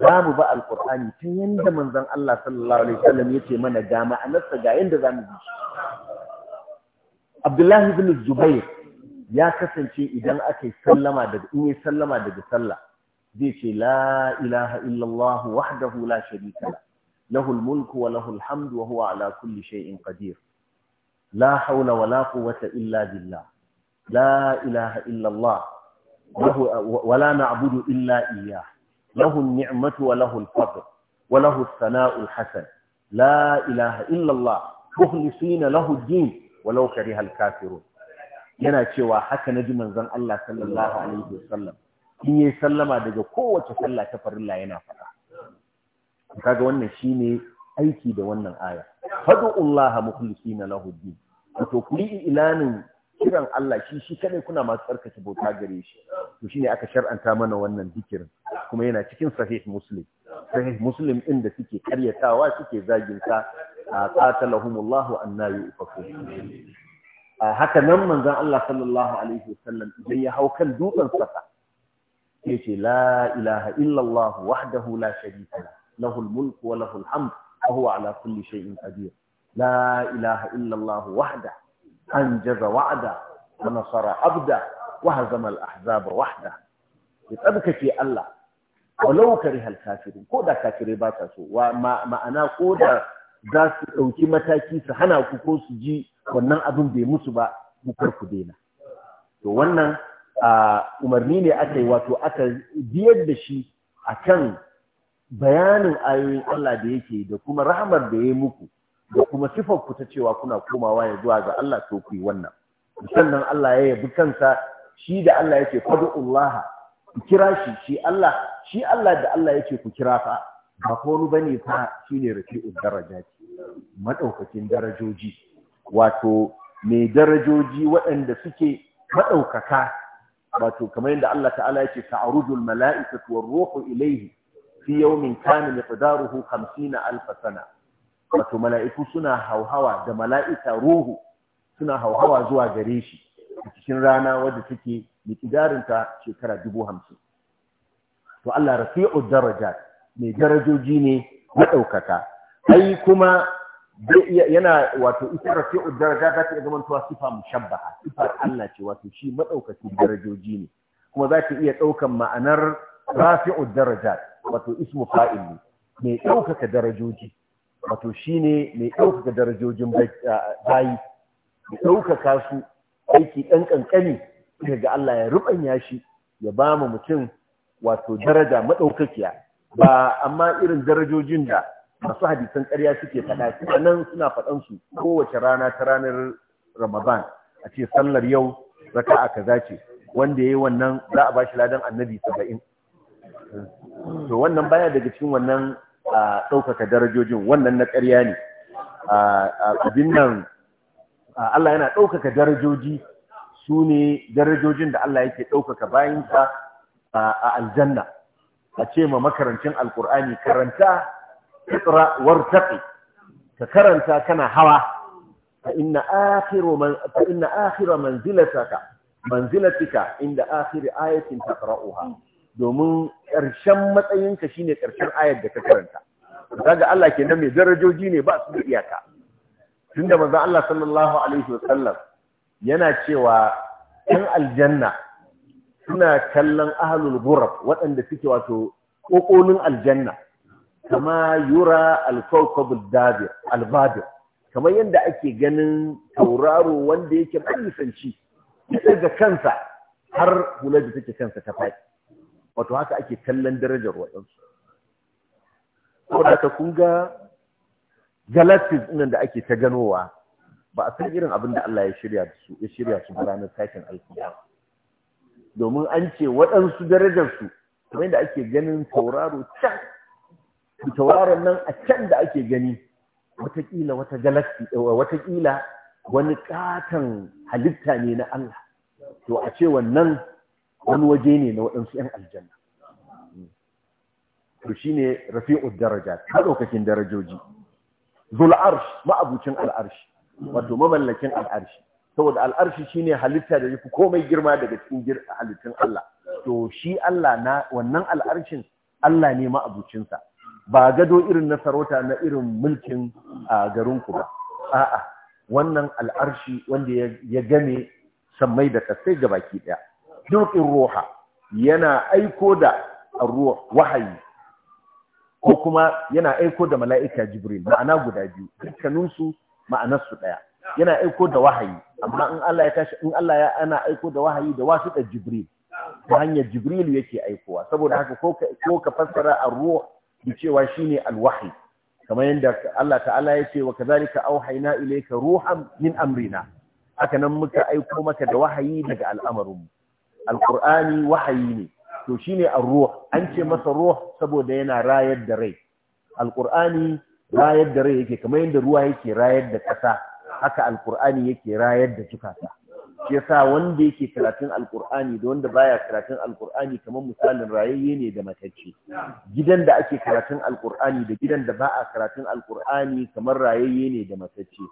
B: babu ba alqur'ani tun yanda manzon Allah sallallahu alaihi wasallam yace mana ga ma'anarsa ga yanda za mu bi Abdullahi ibn Zubair ya kasance idan aka yi sallama daga in yi sallama daga sallah zai ce la ilaha illallah wahdahu la sharika la lahul mulku wa lahul hamdu wa huwa ala kulli shay'in qadir la hawla wa la quwwata illa billah la ilaha illallah wala na'budu illa iyyah lahu an wa lahu al-fadl wa lahu as-sana'u al-hasan la ilaha illa Allah lahu ad-din walau kariha yana cewa haka na naji manzon Allah sallallahu alaihi wasallam in yayi sallama daga kowace sallah ta farilla yana faɗa kaga wannan shine aiki da wannan aya fad'u Allah mukhlisina lahu ad-din wato ku ilanin kiran Allah shi shi kadai kuna masu tsarkake bauta gare shi to shine aka shar'anta mana wannan zikirin kuma yana cikin sahih muslim sahih muslim din da suke karyatawa suke zagin sa qatalahumullahu anna yufakun haka nan manzon Allah sallallahu alaihi wasallam idan ya hau kan dutsen safa yace la ilaha illa Allah wahdahu la sharika lahu lahul mulku wa lahul hamd wa huwa ala kulli shay'in qadir la ilaha illa Allah wahdahu أنجز وعده ونصر عبده وهزم الأحزاب وحده يتبكك الله ولو كره الكافرين كودا كافرين باتا سو وما so. أنا كودا za su ɗauki mataki su hana ku ko su ji wannan abin bai musu ba kar ku daina to wannan umarni ne aka yi wato aka biyar da shi a kan bayanin ayoyin Allah da yake da kuma rahmar da ya yi muku da kuma sifar ku ta cewa kuna komawa ya zuwa ga Allah to ku yi wannan sannan Allah ya yabi kansa shi da Allah yake fad'ullaha ku kira shi shi Allah shi Allah da Allah yake ku kira fa ba ko bane fa shine rafi'ud darajati madaukakin darajoji wato mai darajoji waɗanda suke madaukaka wato kamar yadda Allah ta'ala yake ta'arujul mala'ikatu war ruhu ilayhi fi yawmin kana miqdaruhu 50000 sana wato mala'iku suna hauhawa da mala'ika ruhu suna hauhawa zuwa gare shi a cikin rana wadda take miƙidarinta shekara dubu hamsin to Allah rafi'u daraja mai darajoji ne na ɗaukaka ai kuma yana wato ita rafi'u daraja za ta iya zamantawa sifa mushabbaha sifar Allah ce wato shi maɗaukaki darajoji ne kuma za ta iya ɗaukan ma'anar rafi'u daraja wato ismu fa'il ne mai ɗaukaka darajoji wato shi ne mai ɗaukaka darajojin bayi mai ɗaukaka su aiki ɗan ƙanƙani sai ga Allah ya rubanya shi ya ba mu mutum wato daraja maɗaukakiya ba amma irin darajojin da masu hadisan ƙarya suke faɗa su nan suna faɗan su kowace rana ta ranar Ramadan a ce sallar yau raka'a aka ce wanda yayi wannan za a bashi ladan annabi saba'in to wannan baya daga cikin wannan a ɗaukaka darajojin wannan na ƙarya ne abin nan Allah yana ɗaukaka darajoji su ne darajojin da Allah yake ɗaukaka bayansa a aljanna a ce ma makarancin alkur'ani karanta fitra wartaqi ka karanta kana hawa fa inna akhiru man fa inna akhira manzilataka manzilatika inda ayatin taqra'uha domin ƙarshen matsayinka shine ƙarshen ayar da ka karanta ga Allah kenan mai darajoji ne ba su da iyaka tunda maza Allah sallallahu alaihi wasallam yana cewa ɗan aljanna suna kallon ahlul ghurab waɗanda suke wato ƙoƙolin aljanna kama yura alkawkabul dabir albabir kamar yadda ake ganin tauraro wanda yake manisanci ya daga kansa har hular da take kansa ta faɗi wato haka ake kallon darajar waɗansu saboda kun ga galaxies nan da ake ta ganowa ba a san irin abin da Allah ya shirya su ya shirya su ranar tashin alkiyama domin an ce waɗansu darajar su kamar da ake ganin tauraro can tauraron nan a can da ake gani watakila wata galaxy watakila wani katon halitta ne na Allah to a ce wannan wani waje ne na waɗansu 'yan aljanna to ne rafi'ud daraja ta ɗaukakin darajoji zul arsh ma'abucin al'arshi wato mamallakin al'arshi saboda shi ne halitta da fi komai girma daga cikin halittun Allah to shi Allah na wannan al'arshin Allah ne ma'abucinsa ba gado irin na sarauta na irin mulkin garin ku ba a'a wannan al'arshi wanda ya game sammai da kasai gabaki daya ƙin Roha yana aiko da wahayi ko kuma yana aiko da mala'ika jibril ma'ana guda biyu dukkanin su ɗaya. yana aiko da wahayi amma in Allah ya tashi in Allah ya ana aiko da wahayi da wasu da jibril ta hanyar jibril yake aikowa saboda haka ko ka fassara a Ruwa da cewa shine al kamar yadda Allah ta'ala ya ce wa kazalika auhayna ilayka ruhan min amrina haka nan muka aiko maka da wahayi daga al'amarin mu Alkur'ani wahayi ne to shine ar-ruh an ce masa ruwa saboda yana rayar da rai Alkur'ani rayar da rai yake kamar yadda ruwa yake rayar da ƙasa haka Alkur'ani yake rayar da zukata shi yasa wanda yake karatun Alkur'ani da wanda baya karatun Alkur'ani kamar misalin rayayye ne da matacce gidan da ake karatun Alkur'ani da gidan da ba a karatun Alkur'ani kamar rayayye ne da matacce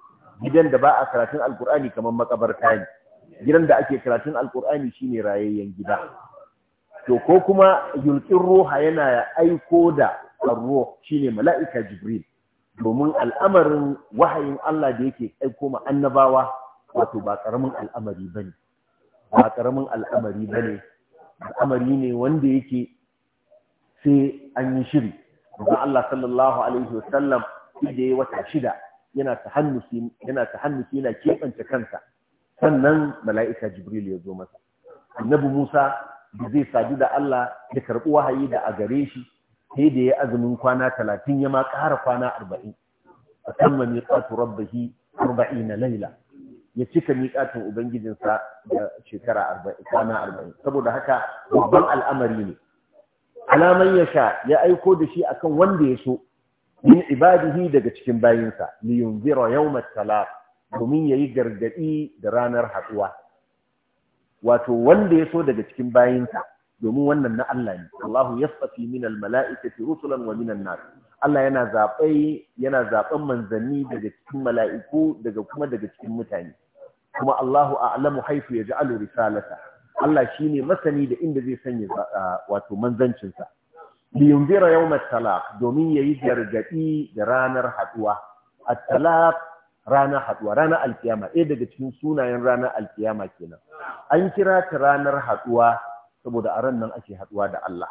B: gidan da ba a karatun Alkur'ani kamar makabarta ne gidan da ake karatun alkur'ani shine rayayyen gida to ko kuma yulqin ruha yana aiko da arruh shine mala'ika jibril domin al'amarin wahayin Allah da yake aiko ma annabawa wato ba karamin al'amari bane ba karamin al'amari bane al'amari ne wanda yake sai an yi shiri daga Allah sallallahu alaihi wasallam da ya wata shida yana tahannusi yana tahannusi yana keɓance kansa sannan mala'ika jibril ya zo masa annabi musa da zai sadu da allah da karɓi wahayi da a gare shi sai da ya azumin kwana talatin ya ma ƙara kwana arba'in a kan ma miƙatu rabbahi arba'in na laila ya cika miƙatin ubangijinsa da shekara arba'in kwana arba'in saboda haka babban al'amari ne alaman ya sha ya aiko da shi akan wanda ya so min ibadihi daga cikin bayinsa liyunzira yau Matalaf. domin ya yi gargaɗi da ranar haɗuwa wato wanda ya so daga cikin bayinsa domin wannan na Allah ne Allahu yasfi mala'ika almala'ikati rusulan wa minan nasu. Allah yana zaɓai yana zaɓen manzanni daga cikin mala'iku daga kuma daga cikin mutane kuma Allahu a'lamu haifu ya ja'alu risalata Allah shi ne masani da inda zai sanya wato manzancinsa li yunzira yawm talaq domin yayi gargadi da ranar haɗuwa at-talaq ranar haduwa ranar alkiyama ɗaya daga cikin sunayen ranar alkiyama kenan an kira ta ranar haduwa saboda a ran nan ake haduwa da Allah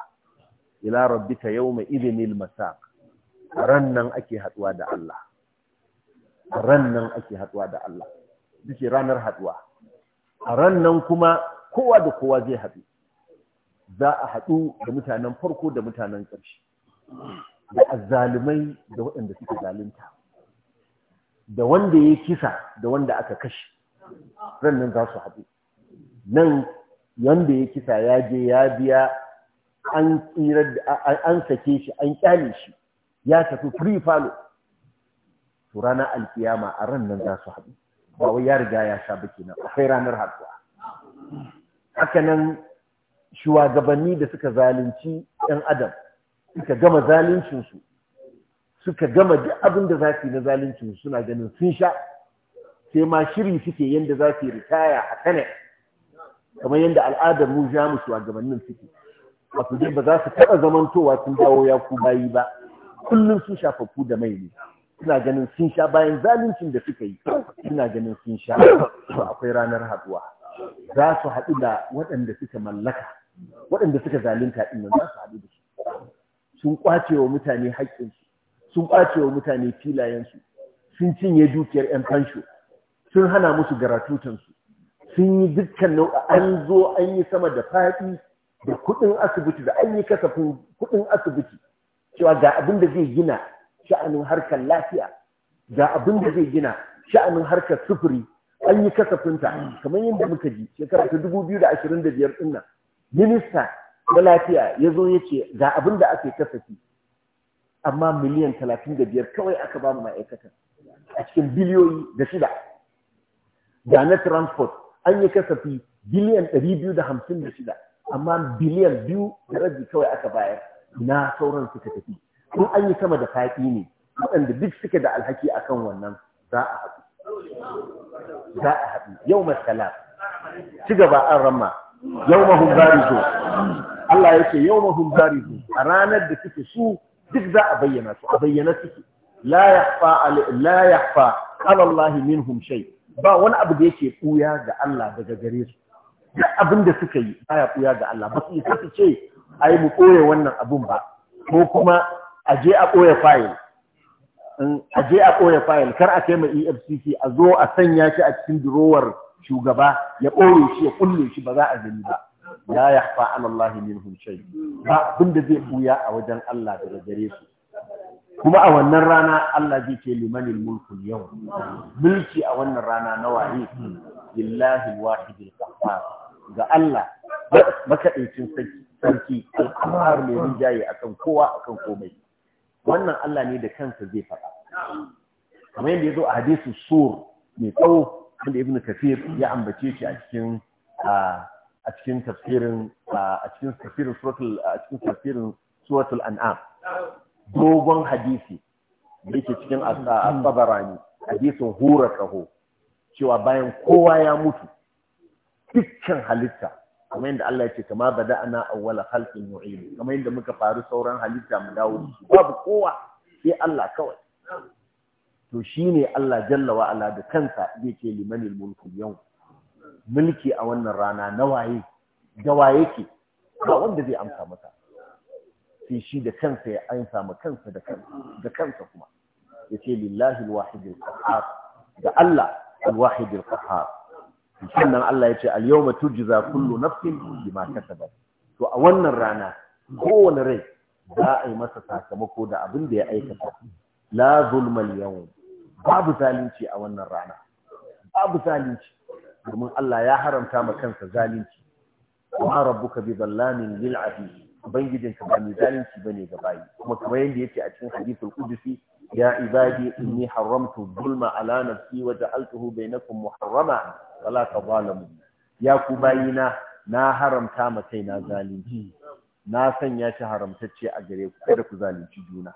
B: ila rabbika yawma idhnil masaq a ran nan ake haduwa da Allah a ran nan ake haduwa da Allah duke ranar haduwa a ran nan kuma kowa da kowa zai haɗu za a haɗu da mutanen farko da mutanen ƙarshe da azzalumai da waɗanda suke zalunta da wanda ya kisa da wanda aka kashe nan za su haɗu nan wanda ya kisa ya je ya biya an sake shi an kyale shi ya tafi free follow. to ranar alkiyama a ran nan za su haɗu ba wai ya riga ya sha baki na akwai ranar haɗuwa haka nan shugabanni da suka zalunci 'yan adam suka gama zaluncinsu suka gama duk abin da za su yi na zalunci suna ganin sun sha sai ma shiri suke yadda za su yi ritaya a kane kamar yadda al'adar mu ja musu a gabanin suke wato dai ba za su taɓa zamantowa sun dawo ya ku bayi ba kullum sun shafafu da mai ne suna ganin sun sha bayan zaluncin da suka yi suna ganin sun sha akwai ranar haɗuwa za su haɗu da waɗanda suka mallaka waɗanda suka zalunta ɗin nan za su haɗu da su sun ƙwace wa mutane haƙƙinsu sun kwace wa mutane filayensu sun cinye dukiyar 'yan fansho sun hana musu garatutansu sun yi dukkan nau'a an zo an yi sama da faɗi da kuɗin asibiti da an yi kasafin kuɗin asibiti cewa ga abin da zai gina sha'anin harkar lafiya ga abin da zai gina sha'anin harkar sufuri an yi kasafinta kamar yadda muka ji shekara ta dubu biyu da ashirin da biyar ɗin minista na lafiya ya zo ya ce ga abin da ake kasafi amma miliyan talatin da biyar kawai aka ba mu ma'aikatan a cikin biliyoyi da shida da na transport an yi kasafi biliyan ɗari biyu da hamsin da shida amma biliyan biyu da rabi kawai aka bayar na sauran suka tafi in an yi sama da faɗi ne waɗanda duk suke da alhaki akan wannan za a haɗu za a haɗu yau masala ci gaba an rama yau mahun barizo Allah yake yau mahun barizo a ranar da suke su duk za a bayyana su a bayyana suke la yahfa la yahfa ala Allah minhum shay ba wani abu da yake buya ga Allah daga gare su duk abin da suka yi baya buya ga Allah ba su yi su ce ai mu koye wannan abun ba ko kuma a je a koye fayil, a je a koye file kar a kai ma EFCC a zo a sanya shi a cikin durowar shugaba ya ɓoye shi ya kulle shi ba za a gani ba la yahfa 'ala Allah minhum shay ba abinda zai buya a wajen Allah daga gare su kuma a wannan rana Allah zai ce limanil mulku yau mulki a wannan rana na wahi lillahi wahidil qahhar ga Allah dinkin sarki al'amar mai rinjaye akan kowa akan komai wannan Allah ne da kansa zai faɗa kamar yadda ya zo a hadisu sur mai tsawo wanda ibn kafir ya ambace shi a cikin a cikin tafsirin a cikin tafsirin suratul a cikin tafsirin suratul an'am dogon hadisi da yake cikin as-sabarani hadisin hura kaho cewa bayan kowa ya mutu cikin halitta kamar yadda Allah ya ce kama bada'ana awwala khalqin nu'idu kamar yadda muka faru sauran halitta mu dawo babu kowa sai Allah kawai to shine Allah jalla wa ala da kansa zai ce limanil mulku yau mulki a wannan rana na waye da waye ke ba wanda zai amsa masa sai shi da kansa ya amsa ma kansa da kansa da kansa kuma yace lillahi alwahid alqahhar da Allah alwahid alqahhar sannan Allah yace al-yawma tujza kullu nafsin bima kasabat to a wannan rana kowane rai za a yi masa sakamako da abin da ya aikata la zulmal yawm babu zalunci a wannan rana babu zalunci domin Allah ya haramta ma kansa zalunci wa rabbuka bi zallamin lil abid ubangijinka ba mai zalunci bane ga bayi kuma kamar yadda yake a cikin hadithul qudsi ya ibadi inni haramtu zulma ala nafsi wa ja'altuhu bainakum muharrama wala tadhalamu ya ku bayina na haramta ma na zalunci na sanya shi haramtacce a gare ku kada ku zalunci juna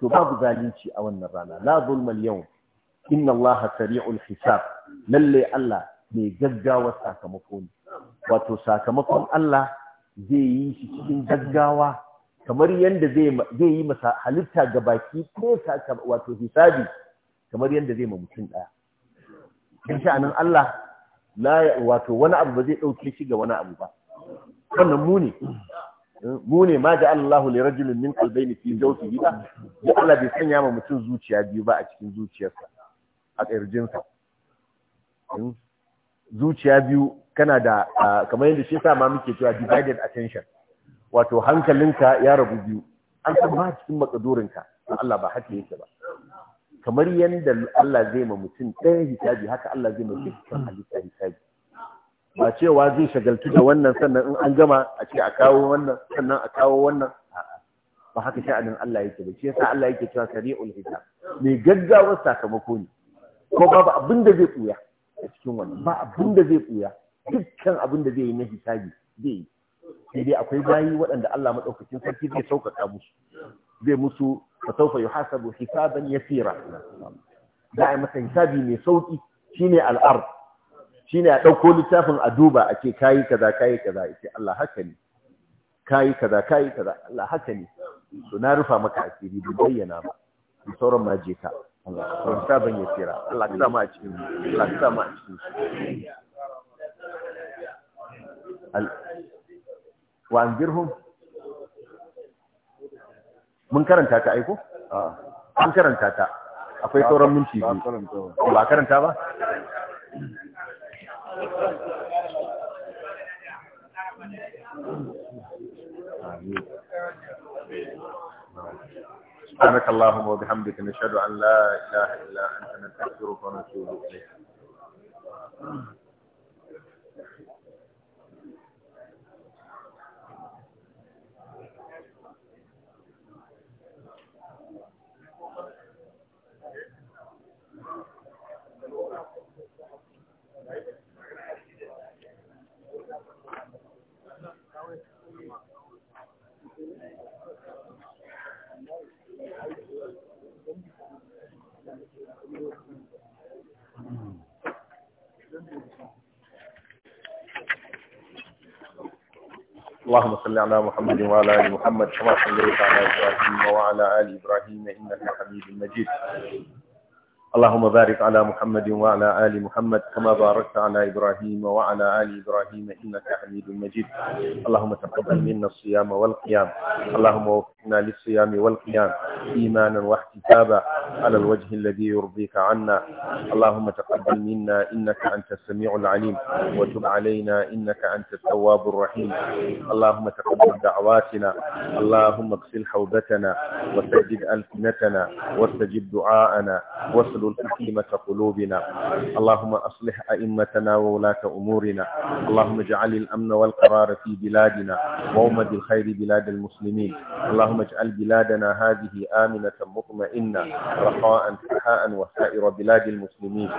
B: to babu zalunci a wannan rana la zulma al-yawm inna allaha sari'ul hisab lalle allah mai gaggawa sakamako ne wato sakamakon Allah zai yi shi cikin gaggawa kamar yadda zai yi masa halitta ga baki ko wato hisabi kamar yadda zai ma mutum ɗaya sha nan Allah wato wani abu ba zai ɗauke shi ga wani abu ba wannan mu ne mu ne ma da Allahu li rajulin min qalbayni fi zawjihi ba ya Allah bai sanya ma mutum zuciya biyu ba a cikin zuciyarsa a ƙirjinsa hmm? zuciya biyu kana da kamar yadda shi sa ma muke cewa divided attention wato hankalinka ya rabu biyu an san ba cikin makadurinka Allah ba haka yake ba kamar yadda Allah zai ma mutum ɗaya hisabi haka Allah zai ma dukkan halitta hisabi ba cewa zai shagaltu da wannan sannan in an gama a ce a kawo wannan sannan a kawo wannan ba haka sha'anin Allah yake ba shi yasa Allah yake cewa sari'ul hisab mai gaggawar sakamako ne ko babu abin da zai tsoya. a cikin wannan ba abin da zai buya, dukkan abin da zai yi na hisabi zai yi sai dai akwai bayi waɗanda Allah maɗaukacin sarki zai sauƙaƙa musu zai musu fa sawfa yuhasabu hisaban yasira Da a masa hisabi mai sauki shine al'ar shine a ɗauko littafin a duba a ce kayi kaza kayi kaza ce Allah haka ne kayi kaza kayi kaza Allah haka ne to na rufa maka asiri ba bayyana ba sauran ma je ka Allah ka ban yasira Allah ka sama a cikin Allah ka sama a cikin wa anzirhum mun karanta ta aiko Mun karanta ta akwai sauran minti biyu ba karanta ba
D: Amin. سبحانك اللهم وبحمدك نشهد أن لا إله إلا أنت نستغفرك ونتوب إليك اللهم صل على محمد وعلى ال محمد كما صليت على ابراهيم وعلى ال ابراهيم انك حميد مجيد اللهم بارك على محمد وعلى آل محمد كما باركت على إبراهيم وعلى آل إبراهيم إنك حميد مجيد اللهم تقبل منا الصيام والقيام اللهم وفقنا للصيام والقيام إيمانا واحتسابا على الوجه الذي يرضيك عنا اللهم تقبل منا إنك أنت السميع العليم وتب علينا إنك أنت التواب الرحيم اللهم تقبل دعواتنا اللهم اغسل حوبتنا وسدد ألسنتنا واستجب دعاءنا واصل واحلل تقيمة قلوبنا اللهم أصلح أئمتنا وولاة أمورنا اللهم اجعل الأمن والقرار في بلادنا وأمد الخير بلاد المسلمين اللهم اجعل بلادنا هذه آمنة مطمئنة رخاء سحاء وسائر بلاد المسلمين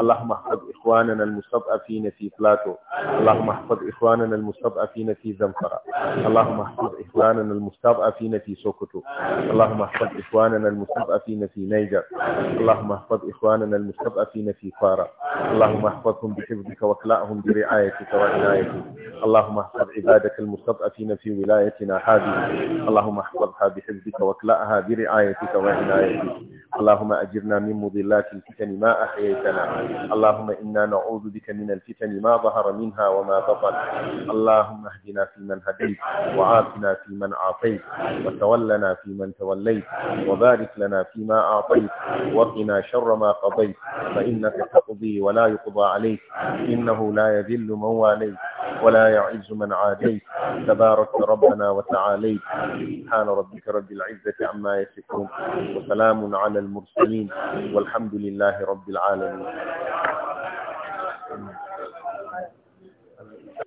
D: اللهم احفظ إخواننا المستضعفين في بلاتو اللهم احفظ إخواننا المستضعفين في زنفرة اللهم احفظ إخواننا المستضعفين في سوكوتو اللهم احفظ إخواننا المستضعفين في نيجر اللهم احفظ واحفظ إخواننا المستضعفين في فارا اللهم احفظهم بحفظك واكلأهم برعايتك وعنايتك اللهم احفظ عبادك المستضعفين في ولايتنا هذه اللهم احفظها بحفظك واكلأها برعايتك وعنايتك اللهم أجرنا من مضلات الفتن ما أحييتنا اللهم إنا نعوذ بك من الفتن ما ظهر منها وما بطن اللهم اهدنا فيمن هديت وعافنا فيمن عافيت وتولنا فيمن توليت وبارك لنا فيما أعطيت وقنا شر شر ما قضيت فإنك تقضي ولا يقضى عليك إنه لا يذل من واليت ولا يعز من عاديت تبارك ربنا وتعاليت سبحان ربك رب العزة عما يصفون وسلام على المرسلين والحمد لله رب العالمين